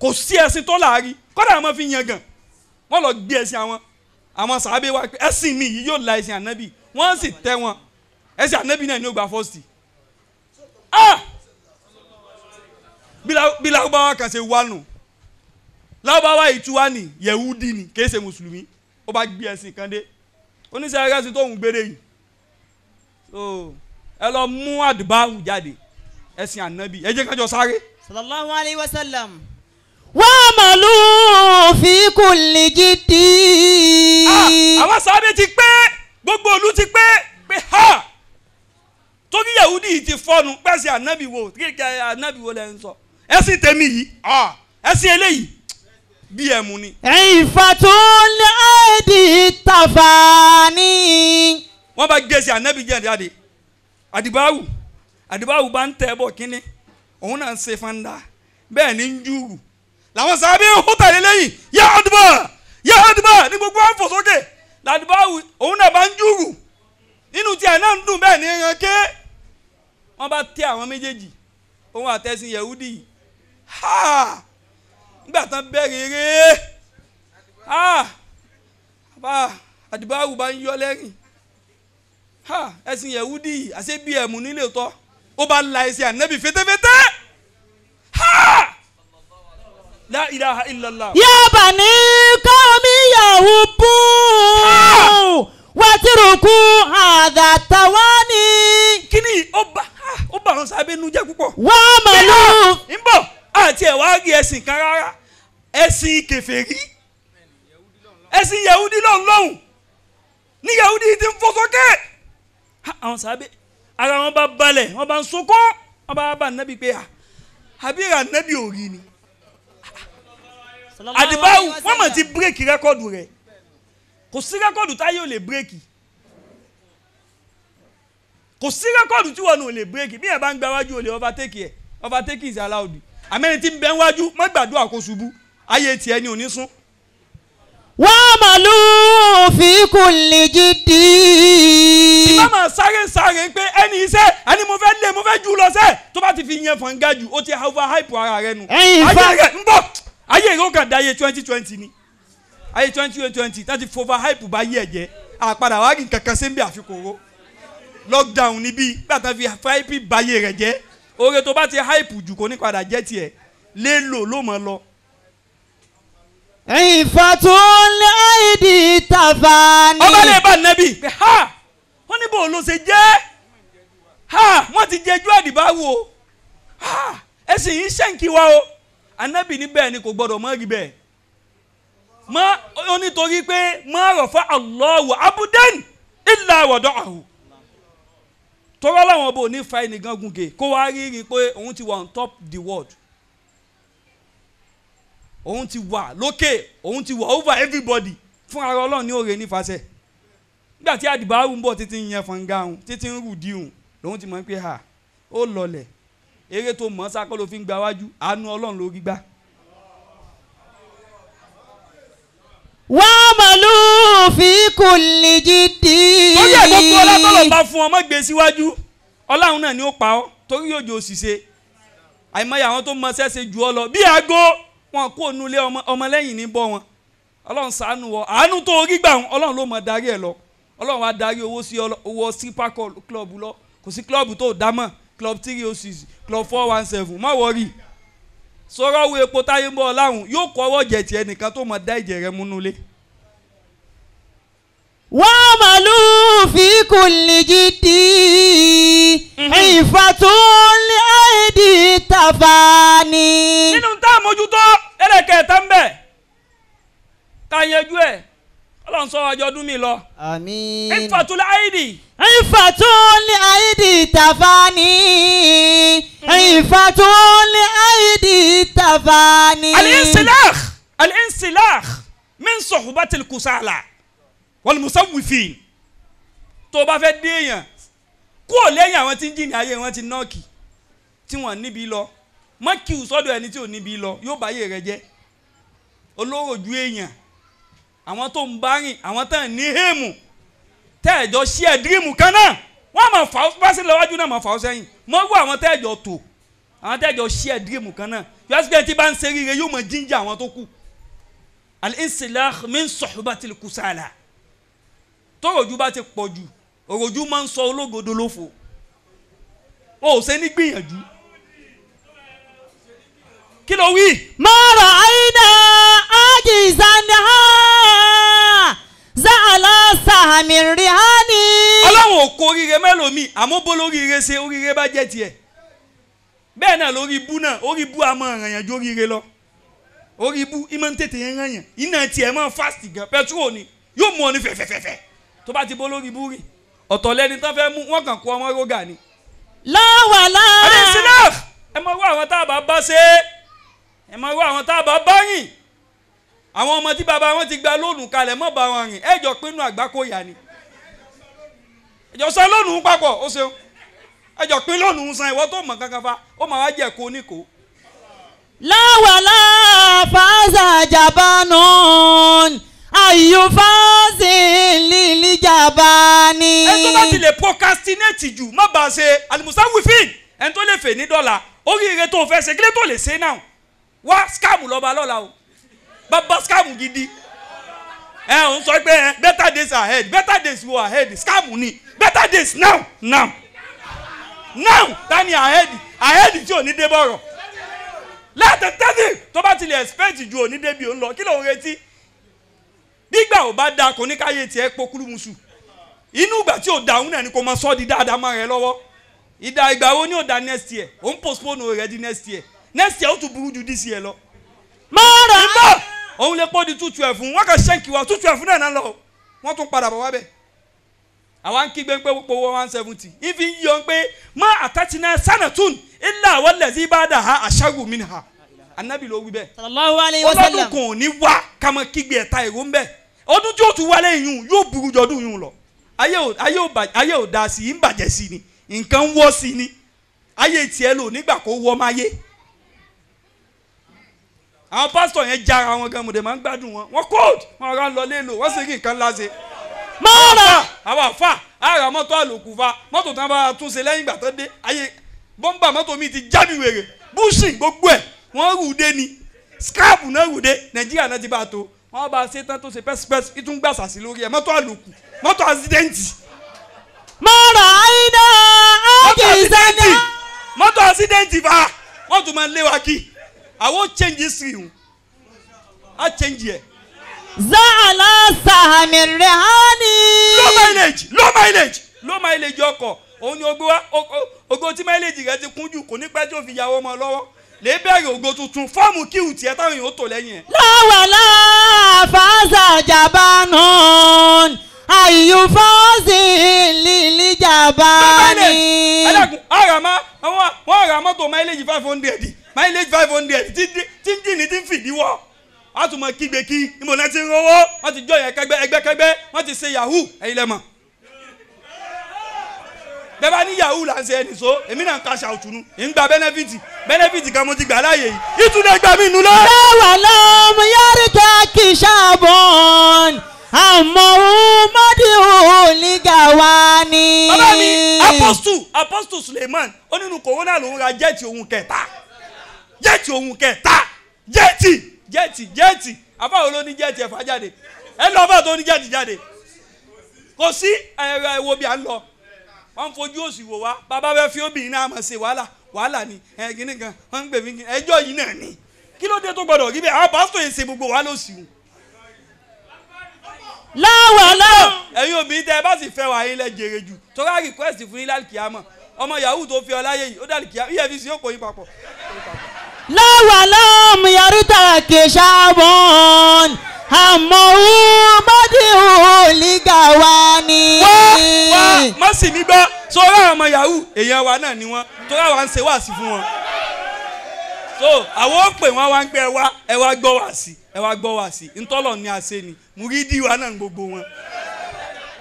kò sí ẹsìn tó láàárín kọ́dà máa fi yan gan wọ́n lọ gbé ẹsìn àwọn àwọn sàábé wa ẹ̀sìn mi yìí yóò la ẹ̀sìn ànábì wọ́n sì tẹ́ wọn ẹ̀sìn ànábì náà ni ó gba fọ́ọ̀sì bí lárúbáwá kan ṣe wá nù lárúbáwá ìtura ni yẹ̀wúdì ni kì í ṣe mùsùlùmí ó bá gbé ẹ̀sìn kan dé oníṣẹ́ ẹ̀rẹ́sìn tóun gbére yìí ẹ lọ mú àdìbáwù jáde ẹ̀sìn ànábì ẹ jẹ́ kájọ sáré. sallallahu alayhi wa sallam wàmàlú fíkù lìjìdì. Ah, àwọn sábẹ́ ti pé gbogbo olú ti pé pé ha torí yahudi ti fọnù pẹ́sì ànábì wo kíkẹ́ ànábì wo lẹ́ ń sọ ẹ̀sìn tèmi yìí ah, ẹ̀sìn eléyìí bí ẹ mú ni. ìfàtúndé àìdí tàfààní. wọ́n bá gẹ̀ẹ́sì ànábì jẹ́ jáde àdìbáwù àdìbáwù bá ń tẹ̀ bọ̀ kínní òun náà ń ṣe fanda bẹ́ẹ̀ ni ń júùrù làwọn sàbí húta lélẹ́yìn yá àdúbà yá àdúbà ní gbogbo àfọ̀ sókè làdúbà òun náà bá ń júrù nínú tí àná ń dùn bẹ́ẹ̀ ní ẹran ké wọ́n bá tẹ àwọn méjèèjì òun àtẹ̀sìn yẹ̀wúdì ha nígbà tán bẹ̀rẹ̀ eré ha bá àdúbà wù bá ń yọ lẹ́rìn ha ẹ̀sìn yẹ̀wúdì àṣẹ bí ẹ̀mú nílé tọ́ ó bá la ẹsẹ̀ ànábì fetefete. La ilaha illallah. Yaba ni kọ́mi yahubu. Wàtírùkú àdá tawani. Kíni ó bá ó bá àwọn sábẹ́ nu jẹ́ púpọ̀. Wá màlúù. Ń bọ̀ àti ẹ̀ wá rí ẹ̀sìn kan rárá. Ẹ̀sìn kèfèrí. Ẹ̀sìn Yahudi lọ́hùn lọ́hùn. Ní Yahudi ti ń fọ́ sókè. Àwọn sábẹ́ ara wọn bá balẹ̀ wọ́n bá ń sokó wọ́n bá bá nàbí pé àbí ra nàbí òrì ni àdìbáwù wọ́n mọ̀ ti bírèkì rẹ́kọ̀dù rẹ̀ kò sí rẹ́kọ̀dù táyé ò lè bírèkì kò sí rẹ́kọ̀dù tí wọ́n ò lè bírèkì bí yẹn bá ń gba iwájú ò lè overtake yẹ overtake is allowed àmẹ́ni tí ń bẹ níwájú má gbàdúrà kó ṣubú ayé tiẹ̀ ni ò ní sún wàmàlú fi kulli jiddi. ìbá máa sáré sáré pé ẹni iṣẹ́ ẹni mo fẹ́ lé mo fẹ́ jù lọ sẹ́ tó bá ti fi yẹn fọ̀ǹgà jù ó ti over hype ara rẹ nù. ayé rẹ ń bọ̀ ayé ìlú kan da ayé twenty twenty ni ayé twenty twenty tá ti fova hype bá yí ẹ̀ jẹ́ àpadà wàá rí nǹkan kan sí níbi àfikún owó lockdown níbí gbàtà fi hype bá yé rẹ̀ jẹ́ oore tó bá ti hype jù kò ní padà jẹ́ tiẹ̀ lélo ló mọ̀ lọ. ìfàtúnlẹ̀ ìdí tàfà ni. ọba lè bá nẹ́bí ha wọ́n ní bò ló ṣe jẹ́ ha wọ́n ti jẹjú àdìbá wo ha ẹ̀sìn yìí ṣẹ́ǹkì wa o. anábì ní bẹ́ẹ̀ ni kò gbọdọ mọ́ rí bẹ́ẹ̀ mọ́ ó pé mọ́ rọ̀fà Allahu abudan illa wada'ahu tọ́rọ́ làwọn ọba ní fa ẹnìkan kó wá ti wà on top the world ti wà lókè òun ti wà over everybody fún ara ọlọ́run ní òre nífàsẹ̀ nígbà tí àdìbò àrùn bọ̀ títí ń yẹn títí ń ti mọ̀ pé ha ó lọlẹ̀ eré tó mọ̀ sákọ́ ló fi ń gba wájú àánú ọlọ́run ló rí gbá. wọ́n mọ̀lú fi kulli jiddi. ó yẹ gbogbo ọlá tó lọ bá fún ọ mọ́ gbé e síwájú ọlọ́run náà ni ó pa ọ́ torí yóò jẹ́ òṣìṣẹ́ àìmọye àwọn tó mọṣẹ́ ṣe jù ọ lọ bí aago wọn kó nulẹ̀ ọmọlẹ́yìn ní bọ́ wọn ọlọ́run ṣàánú wọ àánú tó rí wọn ọlọ́run ló mọ darí ẹ̀ lọ ọlọ́run á darí owó sí ọwọ́ sípákọ̀ club lọ kò sí club tó dá mọ́ club three oh six club four one seven má wọrí sọ̀rọ̀ wo epo táyé ń bọ̀ láwùn yóò kọ́ ọwọ́ jẹ̀tì ẹnìkan tó mọ̀ dá ìjẹ̀ rẹ múnú lé. wọ́n màlú fi kulli jiddi ìfàtún ẹ̀ẹ́dì tàfàánì. nínú tá a ẹlẹ́kẹ̀ẹ́ta ń bẹ̀ ká yẹjú ẹ̀ ọlọ́run sọ ọjọ́ ọdún mi lọ. àmín. ìfàtúlẹ̀ àìdì. ìfàtúlẹ̀ àìdì tàfàní. ìfàtúlẹ̀ àìdì tàfàní. al-insilakh al-insilakh min suhbatil kusala wal musawwifin tó o bá fẹ́ déèyàn kúrò lẹ́yìn àwọn tí ń jìnnà ayé wọn ti nọ́ọ̀kì tí wọ́n níbi lọ mọ́kì sọ́dọ̀ ẹni tí ò níbi lọ yóò báyé rẹ jẹ́ olóró ju èèyàn àwọn tó ń bá rìn àwọn tán ní hèmù tẹ́ẹ̀jọ sí ẹ̀ dírímù kan náà wọ́n mọ̀ fà ó pàṣẹ lọ́wọ́jú náà mọ̀ fà ó sẹ́yìn mọ́ wọ àwọn tẹ́ẹ̀jọ tó àwọn tẹ́ẹ̀jọ sí ẹ̀ dírímù kan náà yọ pé tí bá ń ṣe rere yóò mọ̀ jíjà àwọn tó kù al-insilah min suhbatil kusala tọ́rọ̀jú bá ti pọ̀ jù òròjú máa ń sọ ológodo lófo o ò ṣe ní gbìyànjú kí ló wí. mọ́rọ̀ àìdá àmì rí á ní. ọlọ́run ò kó oríire mélòó mi àmọ́ bó lóríire ṣe oríire bá jẹ́ tiẹ̀ bẹ́ẹ̀ náà lórí ibú náà orí ibú àmọ́ ìrànyàn jó oríire lọ orí ibú ìmọ̀ ń tètè yẹn rànyàn iná tiẹ̀ mọ́ fásitì gan pẹ̀túrò ni yóò mú ọ ní fẹ̀fẹ̀fẹ̀fẹ̀ tó bá ti bó lórí ibú rì ọ̀tọ̀ lẹni tán fẹ́ mú wọn kàn kó ọmọ rógà ni. lọ́wọ́ lọ́wọ́. ọdún sinaf ẹ mọ̀ wá àwọn tá a bá bá ṣe é ẹ mọ̀ wá àwọn tá bá bá àwọn ọmọ tí bàbá wọn ti gba lónù kalẹ̀ mọ́ bá wọn rìn ẹjọ́ pinnu àgbákò yà ni ẹjọ́ san lónù papọ̀ ó ṣeun ẹjọ́ pin lónù san ìwọ tó mọ̀ kankan fa ó máa wá jẹ́ kó ní kó. láwàlá fàáza jàbánu àyù fáàsì lílí jàbáni. ẹ tó bá ti lè procrastinate jù má bàa ṣe alimusa wifin ẹni tó lè fè ní dọ́là oríire tó fẹ́ ṣe kílẹ̀ tó lè ṣe náà wá scam lọ́ba lọ́la o bàbá scam gidi ẹ ò ń sọ pé eh, better days ahead better days were ahead scam ni better days now now now tani ahead ahead tí ò ní dé bọ̀rọ̀ látẹ̀tẹ́sì tó bá tilẹ̀ expect ju òní débi òun lọ kí ló ń retí gbígbà ò bá da kò ní káyé tiẹ̀ pokuru musu inú ìgbà tí ò dàrún náà ni kò máa sọ́ di dáadáa máa rẹ lọ́wọ́ ìdá ìgbà wo ni ò da next year ò ń postpone rẹ di next year next year ó tún burú ju this year lọ. mọ́ra ìbọn. òun lè pọ́ di two twelve fún wọn kàn ṣẹ́ǹkì wa two náà lọ wọ́n tún padà bọ̀ wá bẹ̀ àwa ń kígbe pé pé one seventy ifi ń yọ pé má sanatun ilà àwọn lẹ́sìn bá dà ha àṣàgùn mi anabi ló wí bẹ́ẹ̀. wa ọlọ́dún kan ò ní wá kàmọ́ kígbe ẹ̀ta ń bẹ́ẹ̀ ọdún tí ó tún wálé yóò jọdún ni nǹkan ń wọ́ sí i àwọn pásítọ̀ yẹn jára wọn gan mọ̀dé máa ń gbádùn wọn wọn kóòdù wọn ra ń lọ lélo wọn sì rí nǹkan láṣẹ. máa rà àwọn àfà àrà mọ́tò àlòkù fa mọ́tò tán bá tún ṣe lẹ́yìn ìgbà tó dé ayé bọ́mbà mọ́tò mi ti jábì wèrè búṣì gbogbo ẹ̀ wọ́n rù dé ni skrap náà rù dé nàìjíríà náà ti bá a tó wọ́n bá a ṣe tán tó ṣe pẹ́sipẹ́si ìtún gbàsà sí lórí ẹ̀ mọ́tò àlòkù mọ́tò àṣídẹ́ǹtì. mọ́ra àìdá àkìsẹ́ni. mọ́tò àṣídẹ́ǹtì fa wọ́n tún máa ń lé wa kí I won't change this history. I change here. Zala Sahamir Rehani. Low mileage, low mileage, low mileage ọkọ̀. Òun ni ogo ogo tí mileage rẹ ti kún jù kò ní pẹ́ tí ó fi yàwó ọmọ lọ́wọ́. Lè bẹ̀rẹ̀ ògo tuntun fọ́ọ̀mù kíwù tiẹ̀ táwọn èèyàn ó tò lẹ́yìn ẹ̀. Láwàlá fàáza jabanun àyù fọ́ọ̀sì lílí jàbá ni. Ẹlẹ́gùn, àràmá, wọ́n ra mọ́tò mileage five hundred mileage five hundred tí jìnnì ti ń fìdí wọ̀ wọ́n tún mọ kígbe kí níbo náà ti ń rówó wọ́n ti jọyọ̀ ẹgbẹ́ ẹgbẹ́kẹgbẹ́ wọ́n ti ṣe yahoo ẹ̀yin lẹ́mọ̀ bẹ́ẹ̀ bá ní yahoo là ń ṣe ẹnì so èmi náà ń ka ṣàwùtúnú ń gba benefit benefit kan mo ti gbà láàyè yìí ìtúndé gbà mí nulẹ̀. báwa ló mú yọrí tó kì í ṣàbọ̀n àmọ́ mọ́díhù nígà wá ni. bàbá mi apostol apostol suleiman ó nínú kòrónà lòún ra jẹ́ẹ̀tì òun kẹta jẹ́ẹ̀tì ohun kẹta jẹ́ẹ̀tì jẹ́ẹ̀tì jẹ́ẹ̀tì àbáwo ló ní jẹ́ẹ̀tì ẹ̀fà jáde ẹ lọ bá tó ní jẹ́ẹ̀tì jáde kò sí ẹ̀rọ ẹ̀wò bí a ń lọ wọ́n ń fojú òsì wò wá bàbá bẹ́ẹ̀ fi obìnrin náà mọ̀ sí wàhálà wàhálà ni ẹ̀gínní kan wọ́n ń gbè mí ẹjọ́ yìí náà ni kí ló dé tó gbọdọ̀ rí bẹ́ẹ̀ àwọn pásítọ̀ yẹn ṣe gbogbo wa ló sì wù. láwa náà. ẹ̀yin obìnrin tẹ́ ẹ bá sì fẹ́ wà yín lẹ jèrè jù tó rà request fún yín lálùkìyàmọ̀ ọmọ yahoo tó fi ọ láyé yìí ó dàlùkìyàmọ̀ efcc ó kò papọ̀. لولم يرتك شعب àmọ́ ó mọ́dé òlìgà wa ni. wá wá má sì mí gbọ́ sọ́ra àwọn ọmọ yahoo èèyàn wa náà ni wọ́n tọ́ra wa ń ṣe wáàsí fún wọn. so àwọn ó pè wọ́n wá ń gbé ẹwà ẹwà gbọ́ wáàsí ẹwà gbọ́ wáàsí ntọ́lọ̀ ni àṣẹ ni mùrídì wa náà gbogbo wọn.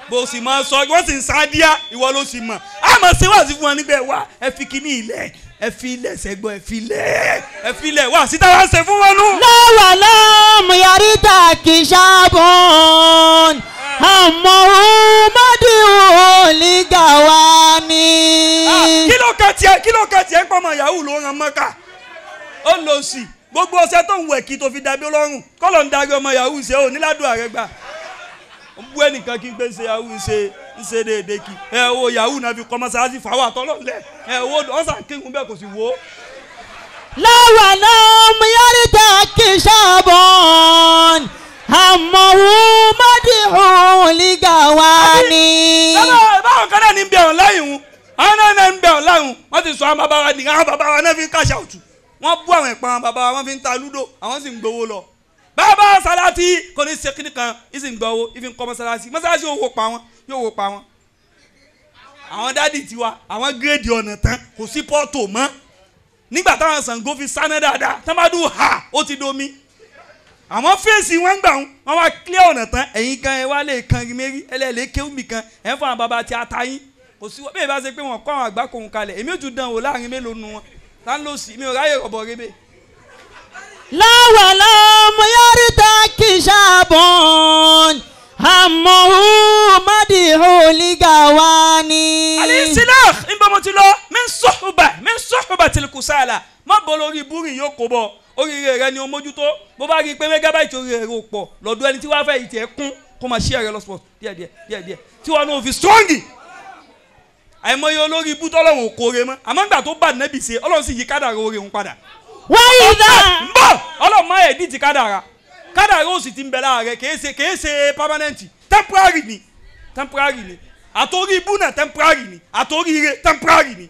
bó sì máa sọ wọ́n sì ń sáadíà ìwọ ló sì mọ̀ àmọ́ ṣe wáàsí fún wọn nígbà ẹwà ẹ fi kíní ilẹ̀ ẹ fi ilẹ̀ sẹ́gbọ́n ẹ fi ilẹ̀ ẹ fi ilẹ̀ wá síta wá ṣe fún wọn nù. lọ́wọ́ lọ́mú yàrá ìta kì í ṣàbọ̀n ah. àmọ́ ọmọdé òòlì gà wá mi. Ah, kí ló kàn tiẹ̀ kí ló kàn tiẹ̀ ń pọ̀ yahoo ló ràn mọ́ka ó lọ sí gbogbo ọṣẹ tó ń wẹ̀ kí tó fi dàbí ọlọ́run kọ́ ń darí ọmọ yahoo ṣe ò níládùn àrẹ gbà ń bú ẹnìkan kí n gbé ń ṣe yahoo ṣe ń ṣe déédé kí ẹ wo yahoo náà fi kọ́ mọ́ṣáláṣí fàwọn àtọ́lọ́ lẹ̀ ẹ wo ọ̀sán kéwòn bẹ́ẹ̀ kò sì wo. láwọn náà mo yára ta kí sábọ̀n àmọ̀wò mọ́dìhùn lìgàwání. báwọn kan náà ní bẹ̀ ọ́ láyìn wọn àwọn náà náà ń bẹ̀ ọ́ láyìn wọn wọ́n ti sọ àwọn bàbá wa nìkan àwọn bàbá wa náà fi ń kàṣà òtù wọ́n bú àwọn ìpa bàbá wa wọ́n fi ń ta lúdò àwọn sì ń gbowó lọ bàbá salati kò ní ṣe kíni kan ìsìn gbọ́ owó ìfi ń kọ́ mọ́sálásí mọ́sálásí yóò wó pa wọn yóò wó pa wọn. àwọn dádì tiwa àwọn gírèdì ọ̀nà tán kò sí pọ́ọ̀tò mọ́ nígbà táwọn Ṣàngó fi sáná dáadáa támádùn ha ó ti domi àwọn fèsì wọn gbà wọn wọn wá kílẹ̀ ọ̀nà tán ẹ̀yin kan ẹ wá lè kan mẹ́rí ẹlẹ́lẹ́ kéwùmí kan ẹ̀ ń fọ àwọn bàbá tí a ta yín kò sí wọn bẹ́ẹ̀ bá ṣe pé wọn kọ́ àwọn àgbákò ń kalẹ̀ èmi ò tún dán wò láàrin mélòó nu wọn tá mi ò ráyè ọ̀bọ̀ rebe لولا يرتك شاب همه مدح لجواني الانسلاخ ń bọ́ mo ti lọ min suhba min suhbatil kusala má bọ́ lórí búrin yóò kó bọ́ oríire rẹ ni o mójútó bó bá rí i pé mẹgábáìtì oríire rẹ ò pọ̀ lọ́dọ̀ ẹni tí wàá fẹ́ ìtì ẹ̀ kún kó máa ṣí ẹ̀rẹ́ lọ́sọ̀rọ̀ díẹ̀díẹ̀ díẹ̀díẹ̀ tí wọn ò fi strong àìmọye olórí ibú tọ́lọ́wọ̀n ò kóore mọ́ àmọ́ nígbà tó bá nẹ́bì ṣe ọlọ́run sì yí kádàrá oore òun padà wáyé dá. n bọ ọlọ́run máa yẹ díjì kádàrá kádàrá ó sì ti ń bẹ láàárẹ̀ kèé ṣe kèé ṣe permanent temporary ni temporary ni àtòrí ibú náà temporary ni àtòrí ire temporary ni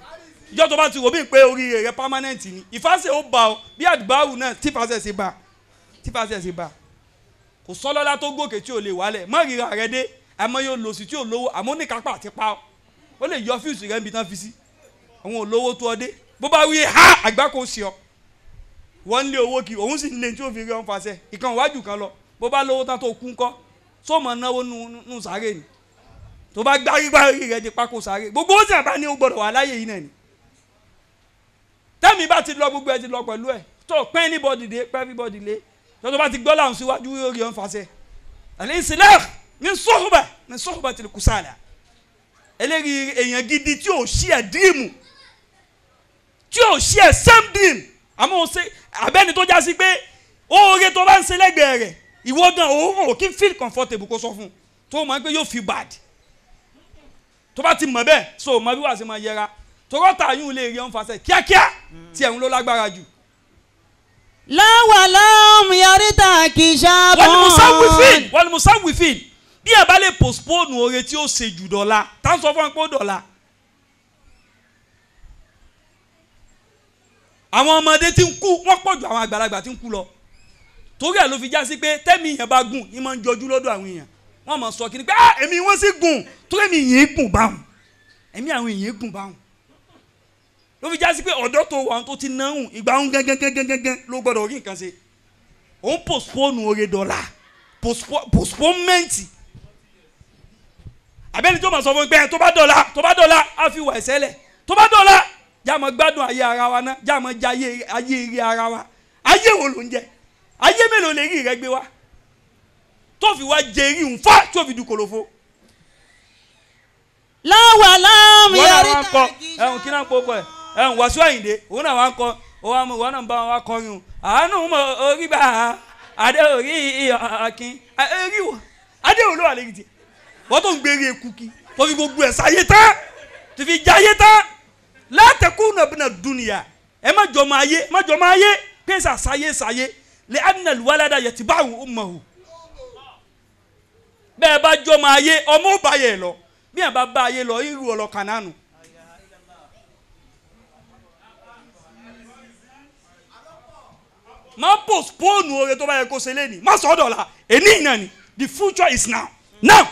ìjọ tó bá ti rò bí pé oríire rẹ permanent ni ìfàsẹ̀ ó bá ọ bí àdìbáwù náà tífàsẹ̀ ṣe bá tífàsẹ̀ ṣe bá kò sọlọ́lá tó gòkè tí ò lè wálẹ̀ mọ́ ìrira rẹ dé àmọ́ yóò lòsì tí ò lówó àmọ́ oníkápá àti pa ọ́ ó lè yọ fíùsì rẹ níbi tán fi sí àwọn olówó tó ọ dé bó bá wí ha àgbákò sí ọ wọ́n lé owó kí òun sì ń lé tí ó fi rí ọ́n fasẹ́ ìkan ìwájú kan lọ bó bá lówó tán tó kú ńkọ́ tó mọ̀ náwó nù sáré ni tó bá gbárígbárí rẹ̀ di pákó sáré gbogbo ó sì àbá ní o gbọ́dọ̀ wà láyé yìí náà ni tẹ́mi bá ti lọ gbogbo ẹ ti lọ pẹ̀lú ẹ̀ tó pẹ́ anybody dé pẹ́ everybody lé tó tó bá ti gbọ́ làwọn síwájú rí ọ́n fasẹ́ àlẹ́ ìsìlẹ̀ ní sọ́hùbà ní sọ́hùbà ti kù sáàlà eléyìí èèyàn gidi tí ò ṣí ẹ̀ díìmù tí ò ṣí ẹ̀ same àmọ́ ṣe abẹ́ni tó já sí pé oore tó bá ń ṣe lẹ́gbẹ̀ẹ́ rẹ̀ ìwọ gan òórùn ò kí n feel comfortable kó sọ fún un tó mọ̀ pé yóò feel bad tó bá ti mọ̀ bẹ́ẹ̀ so mọ̀ bí wàá ṣe máa yẹra tọrọta yóò lè rí ọ̀n fasẹ̀ kíákíá tí ẹ̀hún ló lágbára jù. láwa láwọn yọrí ta kì í ṣàbọ̀. wọ́n ní musa wifin wọ́n ní musa wifin bí ẹ̀ bá lè postpone oore tí ó ṣe jù dọ̀la tá a sọ fún ẹ pé ó dọ̀la àwọn ọmọdé tí ń kú wọ́n pọ̀ ju àwọn àgbàlagbà tí ń kú lọ torí ẹ̀ ló fi já sí pé tẹ́mi yẹn bá gùn ní máa ń jọjú lọ́dọ̀ àwọn èèyàn wọ́n máa sọ kíni pé ah èmi wọ́n sì gùn torí èmi yìí gùn báwọn èmi àwọn èèyàn gùn báwọn ló fi já sí pé ọ̀dọ́ tó wà tó ti náhùn ìgbà òun gángangangangan ló gbọ́dọ̀ rí nǹkan ṣe òun postpone oore dọ́là postponement àbẹ́ni tó máa sọ fún mi pé tó bá dọ́là tó bá dọ́là á fi wà ẹ̀sẹ̀ lẹ̀ tó bá dọ́là jáàmọ́ gbádùn ayé ara wa ná jáàmọ́ jẹ ayé eré ara wa ayé wo ló ń jẹ ayé mélòó lè rí rẹ gbé wa tó fi wá jẹ eré nfa tó fi du kòlòfo. láwa láàmú yọrí tàgíjà ẹ̀hún kí náà pọ̀ pọ̀ ẹ̀hún Wasiu Ayinde òun náà wá ń kọ òun náà ń bá wa kọrin o àánú mọ orí bá a adé orí akin orí o adé wo ló wà lẹ́yìn tí wọ́n tó ń gbé eré kúkí tó fi gbogbo ẹ̀ sáyé tán tó fi jáyé tán látẹkùn náà bìnnà dunuya ẹ má jọ máa yé má jọ máa yé pèsè àsáyé sáyé lè adìnnà wàládà yẹtì báwo ó mọ̀ o bẹ́ẹ̀ bá jọ máa yé ọmọ bá yẹ lọ bí ẹ̀ bá bá yé lọ irú ọlọ kanánu. má postpone oore tó bá yẹ kó ṣe lé ní má sọ dọ̀la èní ìnà ni the future is now now.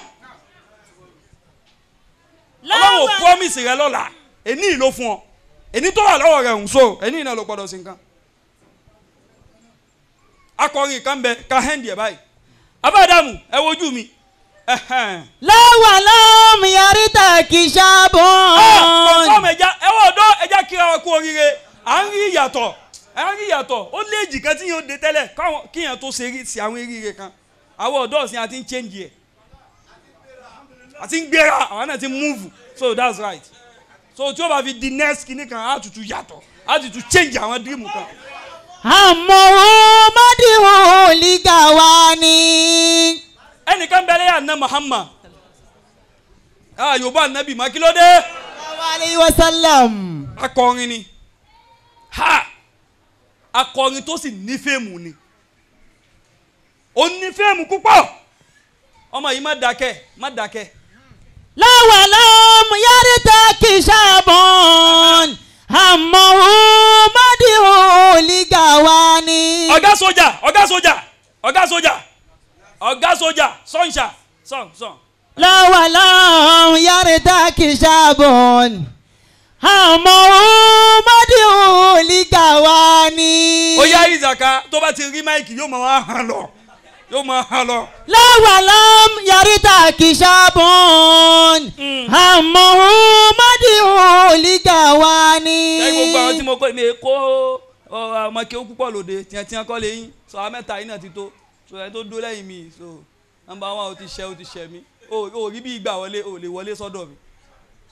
ọlọ́run ò promise rẹ lọ́la ẹni yìí ló fún ọ ẹni tó wà lọ́wọ́ rẹ̀ ń so ẹni yìí náà ló gbọ́dọ̀ sí nǹkan. akọrin kan bẹ ka hẹ́ndì ẹ̀ báyìí abáàdàmù ẹ wojú mi. láwa láàmì yarí tà kì í ṣàbọ̀. ọ̀pọ̀ ẹja ẹwọ́ ọ̀dọ́ ẹja kíra wa oríire à ń rí ìyàtọ̀ à ń rí ìyàtọ̀ ó lé èjìká tí yóò dé tẹ́lẹ̀ kíyàn tó ṣe sí àwọn eríire kan àwọn ọ̀dọ́ ọ̀sìn àti ń change ẹ̀ àti ń gbéra àwọn náà ti move so that's right so tí o bá fi di next kìíní kan á tutù yàtọ̀ á tutù change àwọn dream kan. àmọ́ ó má di òòlì gà wá ni. ẹnìkan bẹ̀rẹ̀ yà ná Muhammad yorùbá anabi má kí ló dé. alayhi wa sallam. akọrin ni ha akọrin tó sì ní fèmù ni ó ní fèmù púpọ̀ ọmọ yìí má dákẹ́ má dákẹ́ láwàlám yárítà kìsàbọ̀n àmọ̀húnmádì òlìgà wa ni. ọ̀gá sójà ọ̀gá sójà ọ̀gá sójà ọ̀gá sójà sọ́nṣà sọ́n sọ́n. láwàlám yárítà kìsàbọ̀n àmọ̀húnmádì òlìgà wa ni. ó yá ìzàká tó bá ti rí máìkì yóò máa hàn lọ yóò máa hàn lọ. láwàlám yarita kìsàbọ̀n hmm. àmọ̀hún mádìhùn olùgàwá ni. ẹ gbogbo àwọn tí mo kọ́ mi kó ọmọ kí ó púpọ̀ lòdì tiẹ̀tiẹ̀ kọ́ lè sọ amẹ́ta yìí náà ti tó sọ tó dó lẹ́yìn mi so nọ́mbà wọn ò ti ṣe ò ti ṣe mí o rí bí ìgbà wọlé o lè wọlé sọ́dọ̀ mi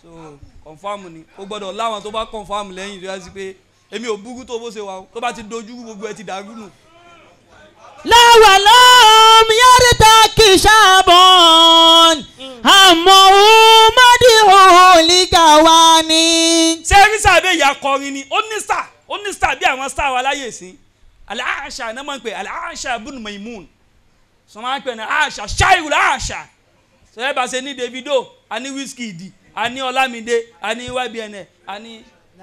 so confam ni o gbọ́dọ̀ láwọn tó bá confam lẹ́yìn tó yá sí pé èmi ò búrú tó bó ṣe wà tó bá ti dojú gbogbo ẹ ti dàrú nù. láwàlám. لم يرتك شاب àmọ́ ó má dìhò lígà wá ni. ṣé rí sáà bẹ́ẹ̀ yà kọrin ni ó ní sáà ó ní bí àwọn sáà wà láyè sí aláàṣà náà máa ń pè aláàṣà bùnú maimun sọ máa ń pè ní aláàṣà ṣáìrù aláàṣà sọ́yẹ́ bá ṣe ní Davido a ní Wizkid a ní Ọlámídé a ní YBN a ní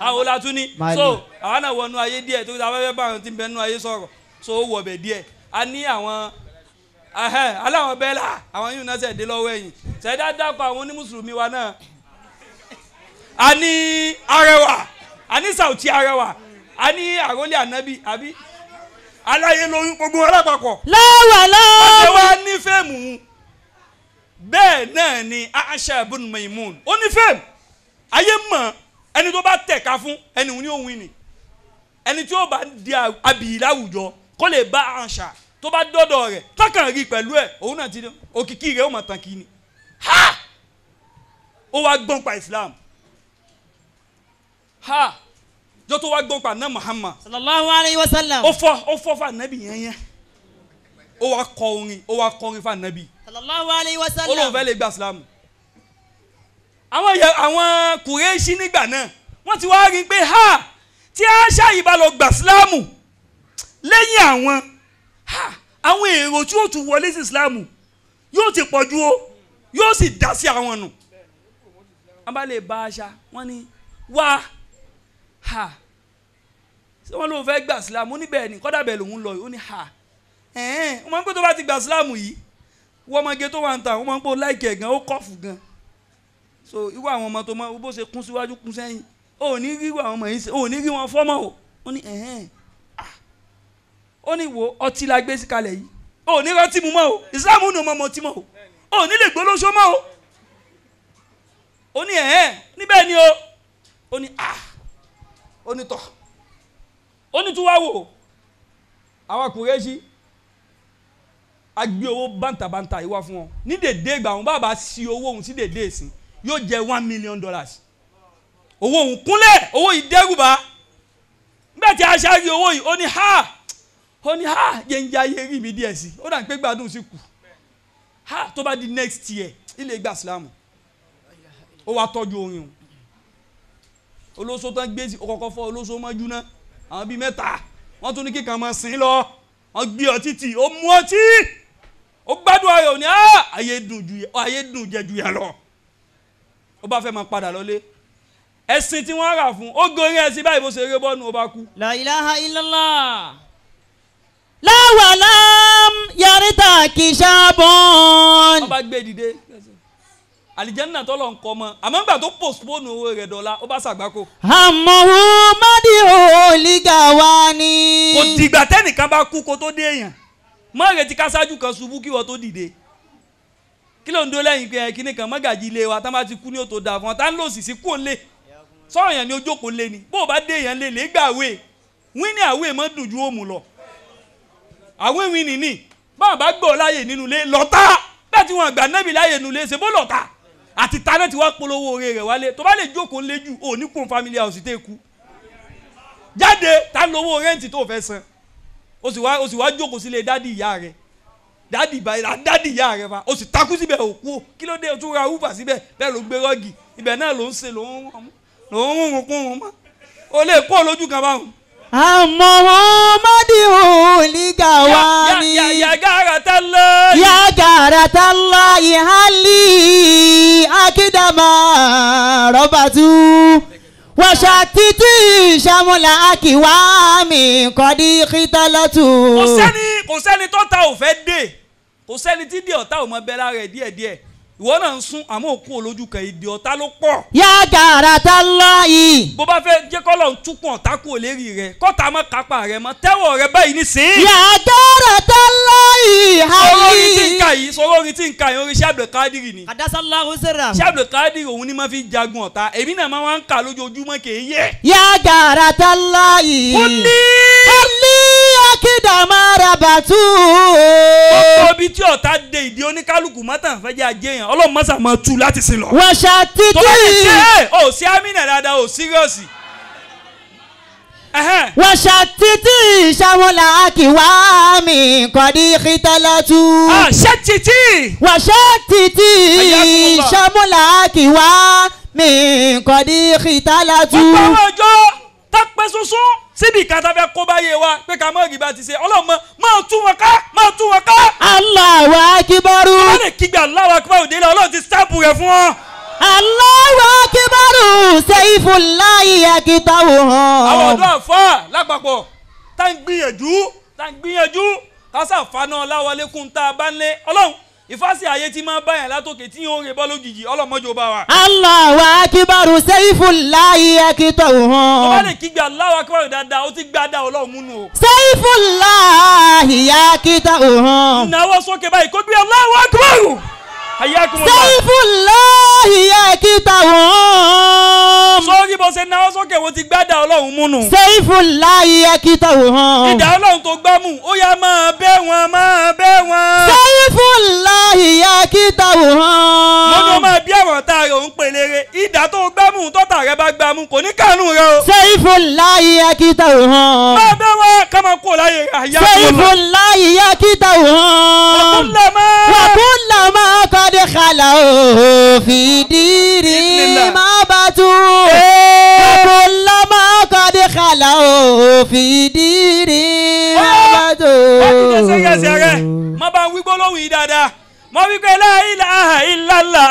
Awolátúní so àwọn náà wọnú ayé díẹ̀ tó ti afẹ́fẹ́ bá àwọn tí ń bẹ nú ayé sọ̀rọ̀ so ó wọ̀ bẹ̀ díẹ̀ a ní àwọn aláwọn bẹ́ẹ̀ la àwọn yìí náà ṣẹ̀dé lọ́wọ́ ẹ̀yìn ṣẹ̀dá dàpọ̀ àwọn onímùsùlùmí wa náà a ní arẹwà a ní sàùtì arẹwà a ní àrólé ànábì àbí aláyé lóyún gbogbo alápapọ̀. lọ́wọ́ lọ́wọ́. wọ́n ti ní fẹ́ẹ̀mù bẹ́ẹ̀ náà ni aṣa ibùn maimun ó ní fẹ́ẹ̀mù ayé mọ̀ ẹni tó bá tẹ̀ka fún ẹni òun ni òun ni ẹni tí ó bá di abìyí láwùjọ kó lè bá aṣa tó bá dọ́dọ̀ rẹ̀ tọkàn rí pẹ̀lú ẹ̀ òun náà ti dán òkìkí rẹ̀ ó mọ̀ tán kí ha ó wá gbọ́n pa Islam ha jọ tó wá gbọ́n pa ná Muhammad sallallahu alayhi wa sallam ó fọ́ ó fọ́ fún anabi yẹn yẹn ó wá kọ orin ó wá kọ orin fún anabi sallallahu alayhi wa sallam ó lóun fẹ́ lè gba Islam àwọn yẹ àwọn kùrẹ́ṣí nígbà náà wọ́n ti wá rí pé ha tí aṣáà yìí bá lọ gbà sílámù lẹ́yìn àwọn àwọn èrò tí yóò tún wọlé sí islam yóò ti pọ̀ ju o yóò sì dá sí àwọn nù. wọ́n bá lè ba aṣa wọ́n ní wá ha ṣé wọ́n lóun fẹ́ gba islam ó ní bẹ́ẹ̀ ni kọ́dà bẹ́ẹ̀ lòun lọ ó ní ha ẹ̀ẹ́n O máa ń pè tó bá ti gba islam yìí wọ́n máa ń gé tó wà ń ta wọ́n máa ń pò láìkẹ̀ gan ó kọ́ọ̀fù gan so irú àwọn ọmọ tó máa bó ṣe kún síwájú kún sẹ́yìn ò ní rí àwọn ọmọ yìí ò ní rí wọn fọ́mọ́ o ó ní ẹ̀ẹ́n ó ní wo ọtí la gbé síkalẹ̀ yìí ò ní rántí mu mọ́ o ìsìlámù ní ọmọ ọtí mọ́ o ò ní lè gbólóṣó mọ́ o ó ní ẹ̀hẹ́n níbẹ̀ ni o ó ní a ah. ó ní tọ̀ ó ní tún wá wò àwọn Kùrẹ́ṣì a gbé owó bàǹtàbàǹtà yìí wá fún wọn ní dèdè ìgbà wọn bàbá sí owó òun sí dèdè ìsìn yóò jẹ one million dollars owó òun kúnlẹ̀ owó yìí dẹ́rù bá nígbà tí aṣáájú owó yìí ó ní ha ó ní ha yẹ ń jáyé rí mi díẹ̀ sí ó dà pé gbádùn sí kù ha tó bá di next year ilé gba Islam ó wá tọ́jú orin o olóso tán gbé kọ́kọ́ fọ́ olóso mọ́jú náà àwọn bíi mẹ́ta wọ́n tún ní kíkan máa sìn lọ wọ́n gbé ọtí tì ó mú ọtí ó gbádùn ayọ̀ ní ayé dùn jẹ ju yà lọ ó bá fẹ́ máa padà lọ́lé ẹ̀sìn tí wọ́n rà fún ó gorí ẹ̀sìn báyìí bó ṣe eré bọ́ọ̀nù ó bá kú. La ilaha illallah láwàlám yarita kìsàbọ̀n. ọba gbé dìde alijanna tọlọ ń kọ mọ àmọ́ nígbà tó postpone owó rẹ̀ dọ́là ó bá ṣàgbákò. àmọ̀hù mádì òòlìgà wa ni. kò dìgbà tẹ́nìkan bá kú kó tó dé èèyàn má retí káṣáájú kan ṣubú kí wọ́n tó dìde kí ló ń dó lẹ́yìn pé ẹ̀kíní kan mọ́gàjì ilé wa tá má ti kú ní òtò dà fún ọ tá ń lò sì sí lé sọ̀rọ̀ yẹn ni ojókòó lé ni bó o bá dé èèyàn lé lè gbàwé wíní àwé mọ́ dùn ju òmù lọ àwọn ìwìn nìní báwọn bá gbọ́ láàyè nínú ilé lọ́tà bẹ́ẹ̀ tí wọ́n gbà nẹ́bí láàyè nínú ilé ṣe bó lọ́tà àti tanẹ́ ti wá polówó oore rẹ̀ wálé tó bá lè jókòó léjù ò ní kún family house tẹ́ kú jáde tá lówó rẹ́ǹtì tó fẹ́ san o sì wá o sì wá jókòó sílé dádì ìyá rẹ̀ dádì ìbáyìí dádì ìyá rẹ̀ fa o sì takú síbẹ̀ òkú kí ló dé o tún ra ufa síbẹ̀ bẹ́ẹ̀ ló gbé rọ́ọ̀gì ibẹ̀ náà ló ń ṣe ló ń rún kún un mọ́ o lè kó lójú kan báwọn àmọ́ ọmọdé òlígà wá ní. yàgàrà tá lọ. yàgàrà tá lọ ìhálí akídàmà rọ́bàtú wàṣàtìtì ìṣàmúlà àkìwá mi kọ́dí kìtàlọ́tù. kò sẹ́ni kò sẹ́ni tó ta ò fẹ́ dé kò sẹ́ni tí dé ọ̀tá ò mọ bẹ́ẹ̀ lára ẹ̀ díẹ̀díẹ̀ ìwọ náà ń sún àmọ́ òkú olójú kan ìdè ọ̀tá ló pọ̀. yá gàrà tá lọ yìí. bó bá fẹ́ jẹ́ kọ́ lọ́n túkun ọ̀tá kú òlérí rẹ kọ́ta mọ́ kápá rẹ mọ́ tẹ́wọ̀ rẹ báyìí nísìnyí. yá gàrà tá lọ yìí. olórí tí ń ka yìí sọ̀rọ̀ tí ń ka yìí orin sábẹ̀ kádìrì ni. àdásálà ó sẹ́ra. sábẹ̀ kádìrì òun ni máa fi jagun ọ̀tá èmi náà máa ń kà lójoojúmọ́ kì í yẹ. yá ibi tí ọ̀tá de ìdí oníkálukú mọ́tàn fẹ́ jẹ́ ajé yẹn ọlọ́run mọ́sà máa tú láti sin lọ. wàṣà títí. tó sí amínà dáadáa ò síríọ̀sì. wàṣà títí ìṣàwọlà àkìwá mi kọ́dí kìtàlátú. ṣé títí. wàṣà títí ìṣàwọlà àkìwá mi kọ́dí kìtàlátú. wọ́n ọjọ́ tá sunsun síbi ìka tá fẹ́ kó báyé wa pé ká mọ̀ ìgbà ti ṣe ọlọ́run mọ̀ máa tú wọn ká máa tú wọn ká. Allahu Akbar. wọ́n lè kígbe Allahu Akbar òde ilé ọlọ́run ti sáàpù rẹ̀ fún wọn. Allahu Akbar sẹ́yìnfù láyé akíta wò hàn. àwọn ọ̀dọ́ àfọ́ lápapọ̀ tá ń gbìyànjú tá ń gbìyànjú kásà faná ọláwọlé kún tá a bá ń lé ọlọ́run ìfásí ayé tí máa báyàn látòkè tí yóò rè bọ́ lójijì ọlọ́mọjò bá wa. Allahu akíbarù Saifullahi ẹ̀kítọ̀ hàn. ọba lè kígbe Allahu akíbarù dáadáa ó ti gbá dá ọlọ́run múnú o. Saifullahi ẹ̀kítọ̀ hàn. ìnáwó sókè báyìí kó gbé Allahu akíbarù sẹ́yìnfù lẹ́yìn kíta wọ́n. sórí bó ṣe náwó sókè wo ti gbádà ọlọ́run múnu. sẹ́yìnfù lẹ́yìn kíta wọ́n. ìdá ọlọ́run tó gbámù ó yá máa bẹ́ wọn máa bẹ́ wọn. sẹ́yìnfù lẹ́yìn kíta wọ́n. mọ́tò táwọn tá a rò ń pè lére ìdá tó gbámú tọ́tà rẹ bá gbámú kò ní kánú rẹ o. ṣé ìfò láyé akíta ò hàn. má bẹ́ wá ká máa kó láyé rà yá. ṣé ìfò láyé akíta ò hàn. wàkúlà máa. wàkúlà máa kọ́dé kàlà òfin má bá tú. wàkúlà máa kọ́dé kàlà òfin dìrì má bá tú. wọ́n ti dẹ́sẹ̀ yẹsẹ̀ rẹ̀ má bá wí gbólóhùn yìí dáadáa mọ wípé láìláha ìlàlá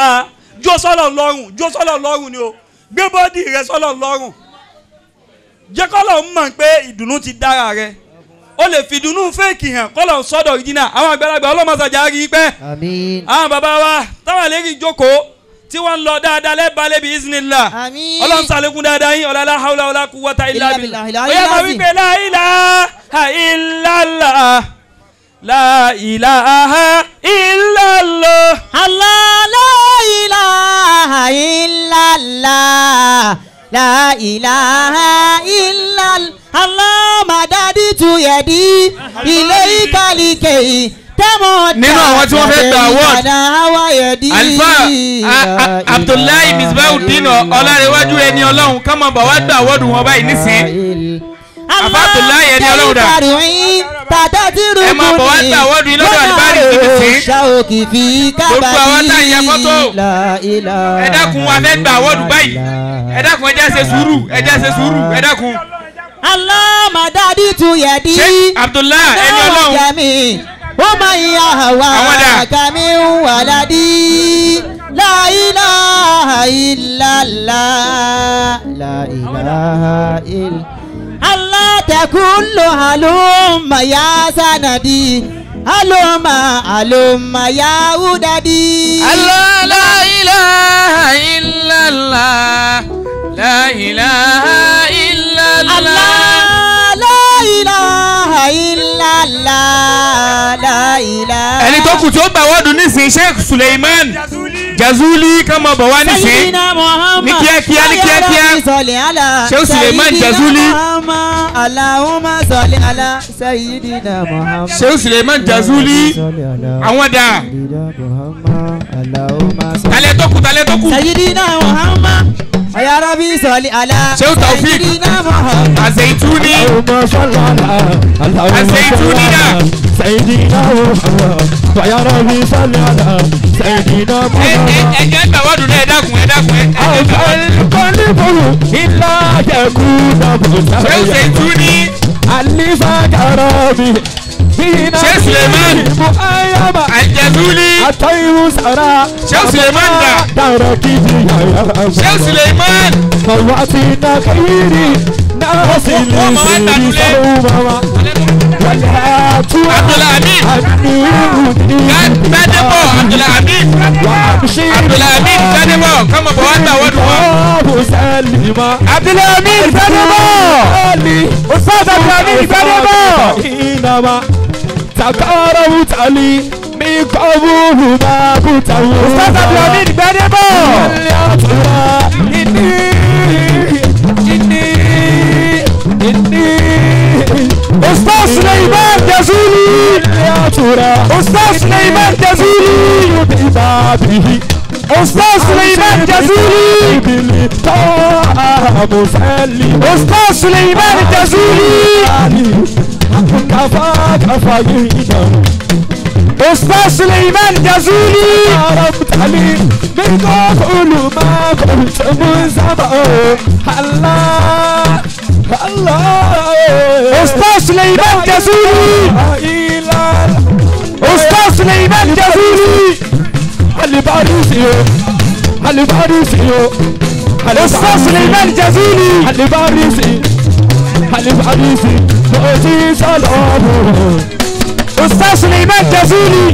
jó sọ́lọ̀ lọ́rùn jó sọ́lọ̀ lọ́rùn ni o gbé bọ́dì rẹ sọ́lọ̀ lọ́rùn jẹ́ kọ́lọ̀ ń mọ̀ pé ìdùnnú ti dára rẹ o lè fi ìdùnnú fèkì hàn kọ́lọ̀ sọ́dọ̀ ìdínà àwọn àgbàlagbà ọlọ́mọsàjà rí i pẹ́ àwọn bàbá wa táwọn àlérí ìjókòó tí wọ́n ń lọ dáadáa lẹ́bàá lẹ́bi ìsìnìlá ọlọ́run sàlékún dáadáa yín ọ̀làlá haúlá ọ̀làkúwọ́ta ìlàbìlà ó yẹ wípé láìlà àìlàlà la ilaha illallah. Allah la ilaha illallah. La ilaha illallah. Allah madadi tu yadi. Ilé ìkàlì kèyí. Tẹ́mọ̀ nínú àwọn tí wọ́n fẹ́ gba award alifa Abdullahi Misbahudeen Ọlárẹ̀wájú ẹni ọlọ́run kọ́mọ̀ bọ̀ wá gba award wọn báyìí nísìnyí àfàtúlá yẹn ni ọlọ́run dà. tàdá tí rúkú ni ẹ máa bọ̀ wá sí àwọ́dù yín lọ́dọ̀ àlùbárì kìkì sí. ṣàòkì fi kábàdí gbogbo àwọn tá à ń yẹ fọ́tò. ẹ dákun wa fẹ́ gba àwọ́dù báyìí ẹ dákun ẹ já ṣe sùúrù ẹ já ṣe sùúrù ẹ dákun. alámàdádì tún yẹ dí. ṣé ẹni ọlọ́run. ó máa ń yà wá àgàmì wàládì la ilaha illallah la ilaha alátakùlù àlùmà yá sànàdì àlùmà àlùmà yá wúdàdì. alala ilaha illallah la ilaha illallah. ẹni tó kù tí ó gbà wọ́ọ̀dù nísìnyí Sheikh Suleiman jazuli kán máa bọ̀ wá nísìn ní kíákíá ní kíákíá ṣé o sì jazuli. Allahumma salli jazuli àwọn dà. talẹ̀ tó kù talẹ̀ tó kù. sayyidina اللهم صل على اللهم صل على سيدنا محمد ويا ربي صل على سيدنا محمد ẹjẹ gbàwọdù náà ẹ dákun ẹ dákun ẹ. àkàlùkọ́lùkọ́lù ilá jẹ̀kú dàbò sáyà. ṣé o ṣe tú ní. àlìfà kàrọ mi. ṣé suleman. mo ayaba. àjẹsúlì. àtọ́yìnbó sara. ṣé suleman dà. dàrọ kìí di yàrá. ṣé suleman. ọ̀wá ti na kiri dáhùnsì lè sèrí sọ́wọ́ bàbá. Wàlẹ̀ àtúwà àdúrà Gbadebo Abdulhamid Abdulhamid Gbadebo kọ́mọ bọ̀ wá gbà wọ́n dùn wọ́n. Abdulhamid Gbadebo Ustaz Abdulhamid Gbadebo. Takarawu tali mi kọ́wúrú máa kú tàwọn. Ustaz Abdulhamid Gbadebo. Ìlú àtúrà ìdí. استاذ سليمان جازولي يا ترى استاذ سليمان جازولي ببابه استاذ سليمان جازولي استاذ سليمان جازولي كفا كفا استاذ سليمان جازولي عرفت علي من قول ما قلت مزعبه الله الله استاذ سليمان جزيري استاذ سليمان جزيري حلي بعريسي حلي بعريسي استاذ سليمان جزيري حلي بعريسي حلي بعريسي بقيتي سلامه استاذ سليمان جزيري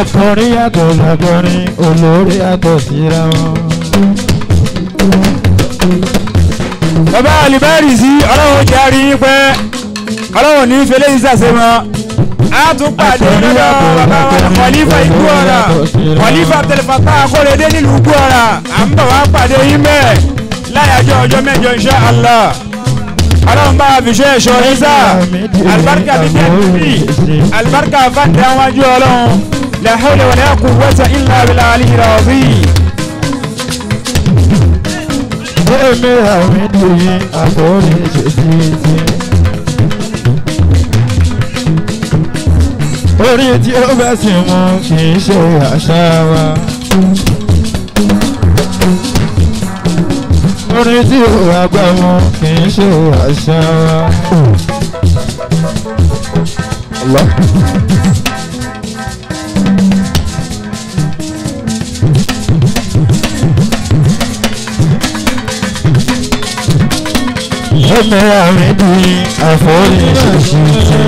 Ẹ̀fọ́rí yàtọ̀ sàgbọ́nrín olórí yàtọ̀ síra wọn. Bàbá Àlìbárì sí ọlọ́run jẹ́ àrí yín pẹ́, ọlọ́run ní fẹlẹ́ yín sàṣẹ mọ́. A tún pàdé lọ́dọ̀ bàbá wa Kọ̀lífà Igbó ọ̀rà, Kọ̀lífà Abdelfata Akóredé nílùú Igbó ọ̀rà, à ń bọ̀ wá pàdé yín bẹ́ẹ̀ láyàjọ́ ọjọ́ mẹ́jọ insha Allah ọlọ́run bá fi ṣe ẹ̀ṣọ́ yín sáà alibarika bíi tẹ́lifí alibarika bá tẹ́ wájú ọlọ́run. لا حول ولا قوة إلا بالعلي العظيم èmi àwọn ènìyàn àbórí ìṣèṣì ti. orí tí ó bá sì mú kì í ṣe àṣà wa. orí tí ọmọ rẹ̀ di àforíṣẹ́ṣe jẹ.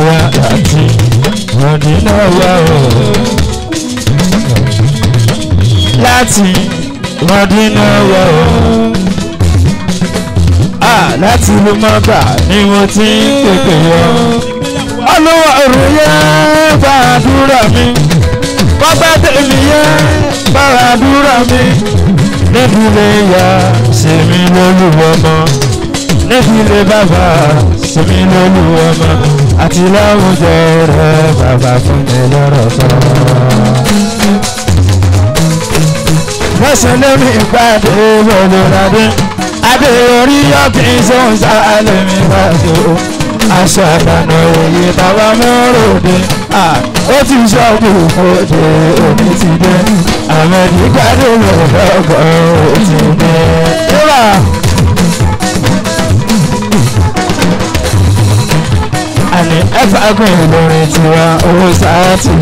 Wá àti ọ̀dínà wá o. Láti ọ̀dínà wá o. Láti ló má bà ni mo ti ń pèpè yọ. Olúwa òrùn yẹn bá àdúrà mi. Bàbá tèmi yẹ bàràdúrà mi. Níbilé ya sèmi lólùwọ́mọ. Níbilé bàbá sèmi lólùwọ́mọ. Àti láwùjọ rẹ̀ bàbá fún mi lọ́rọ̀ sọ lọ́sẹ̀ lẹ́mí ìpàdé wọlọ́ládé adé orí yọ̀kìn sọ́nsá lẹ́mí ìpàdé aṣọ àdánù èyí bàbá mọ́ròdé. Ah, ó ti sọ́dọ̀ òde òní ti dẹ́ àmẹ́ríkàdé lọ́gọ́ ó ti dẹ́. àní ẹ̀fà gbìn lórin tiwa owó sáàtì.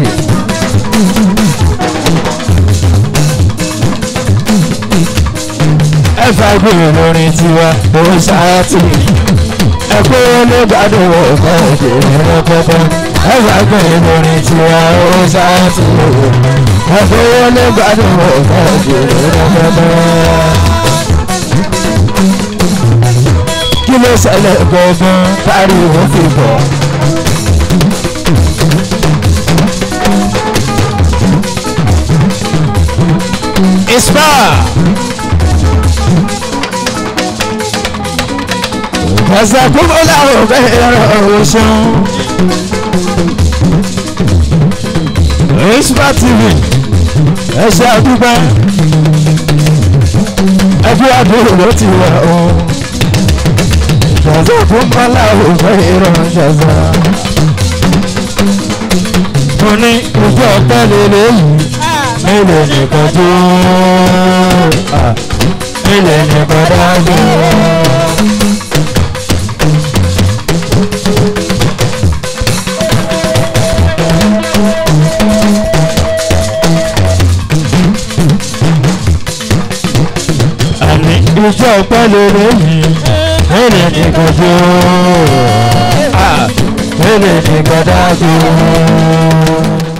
ẹ̀fà gbìn lórin tiwa owó sáàtì. ẹ̀kọ́ ló gbádùn ọ̀gá òkè ní ẹwà gbẹ̀yìn lórí tiwa ó sáàtì lòwò ẹ̀fọ́wọ́ nígbàdùn ọ̀gá ìjòyè lọ́gbẹ́gbẹ́. kí ló ṣẹlẹ̀ gbọ̀ngàn pariwo fi bọ̀. ispa. Ẹ̀sẹ̀ kúkú làwọn ìrọ̀rùn ṣeun. Orísun TV ẹ ṣe àdúgbò ẹbí àdúrà ló ti wà ó ṣàzọ fún bọ́lá òwe ìrọ̀rùn ṣàzọ. mo ní ojú ọpẹ́ lele yìí nílò nìkan tó ah, nílò nìkan dájú. iṣẹ́ ọpẹ́ lórí yìí ẹnì nìkan tó ẹnì nìkan dá tó.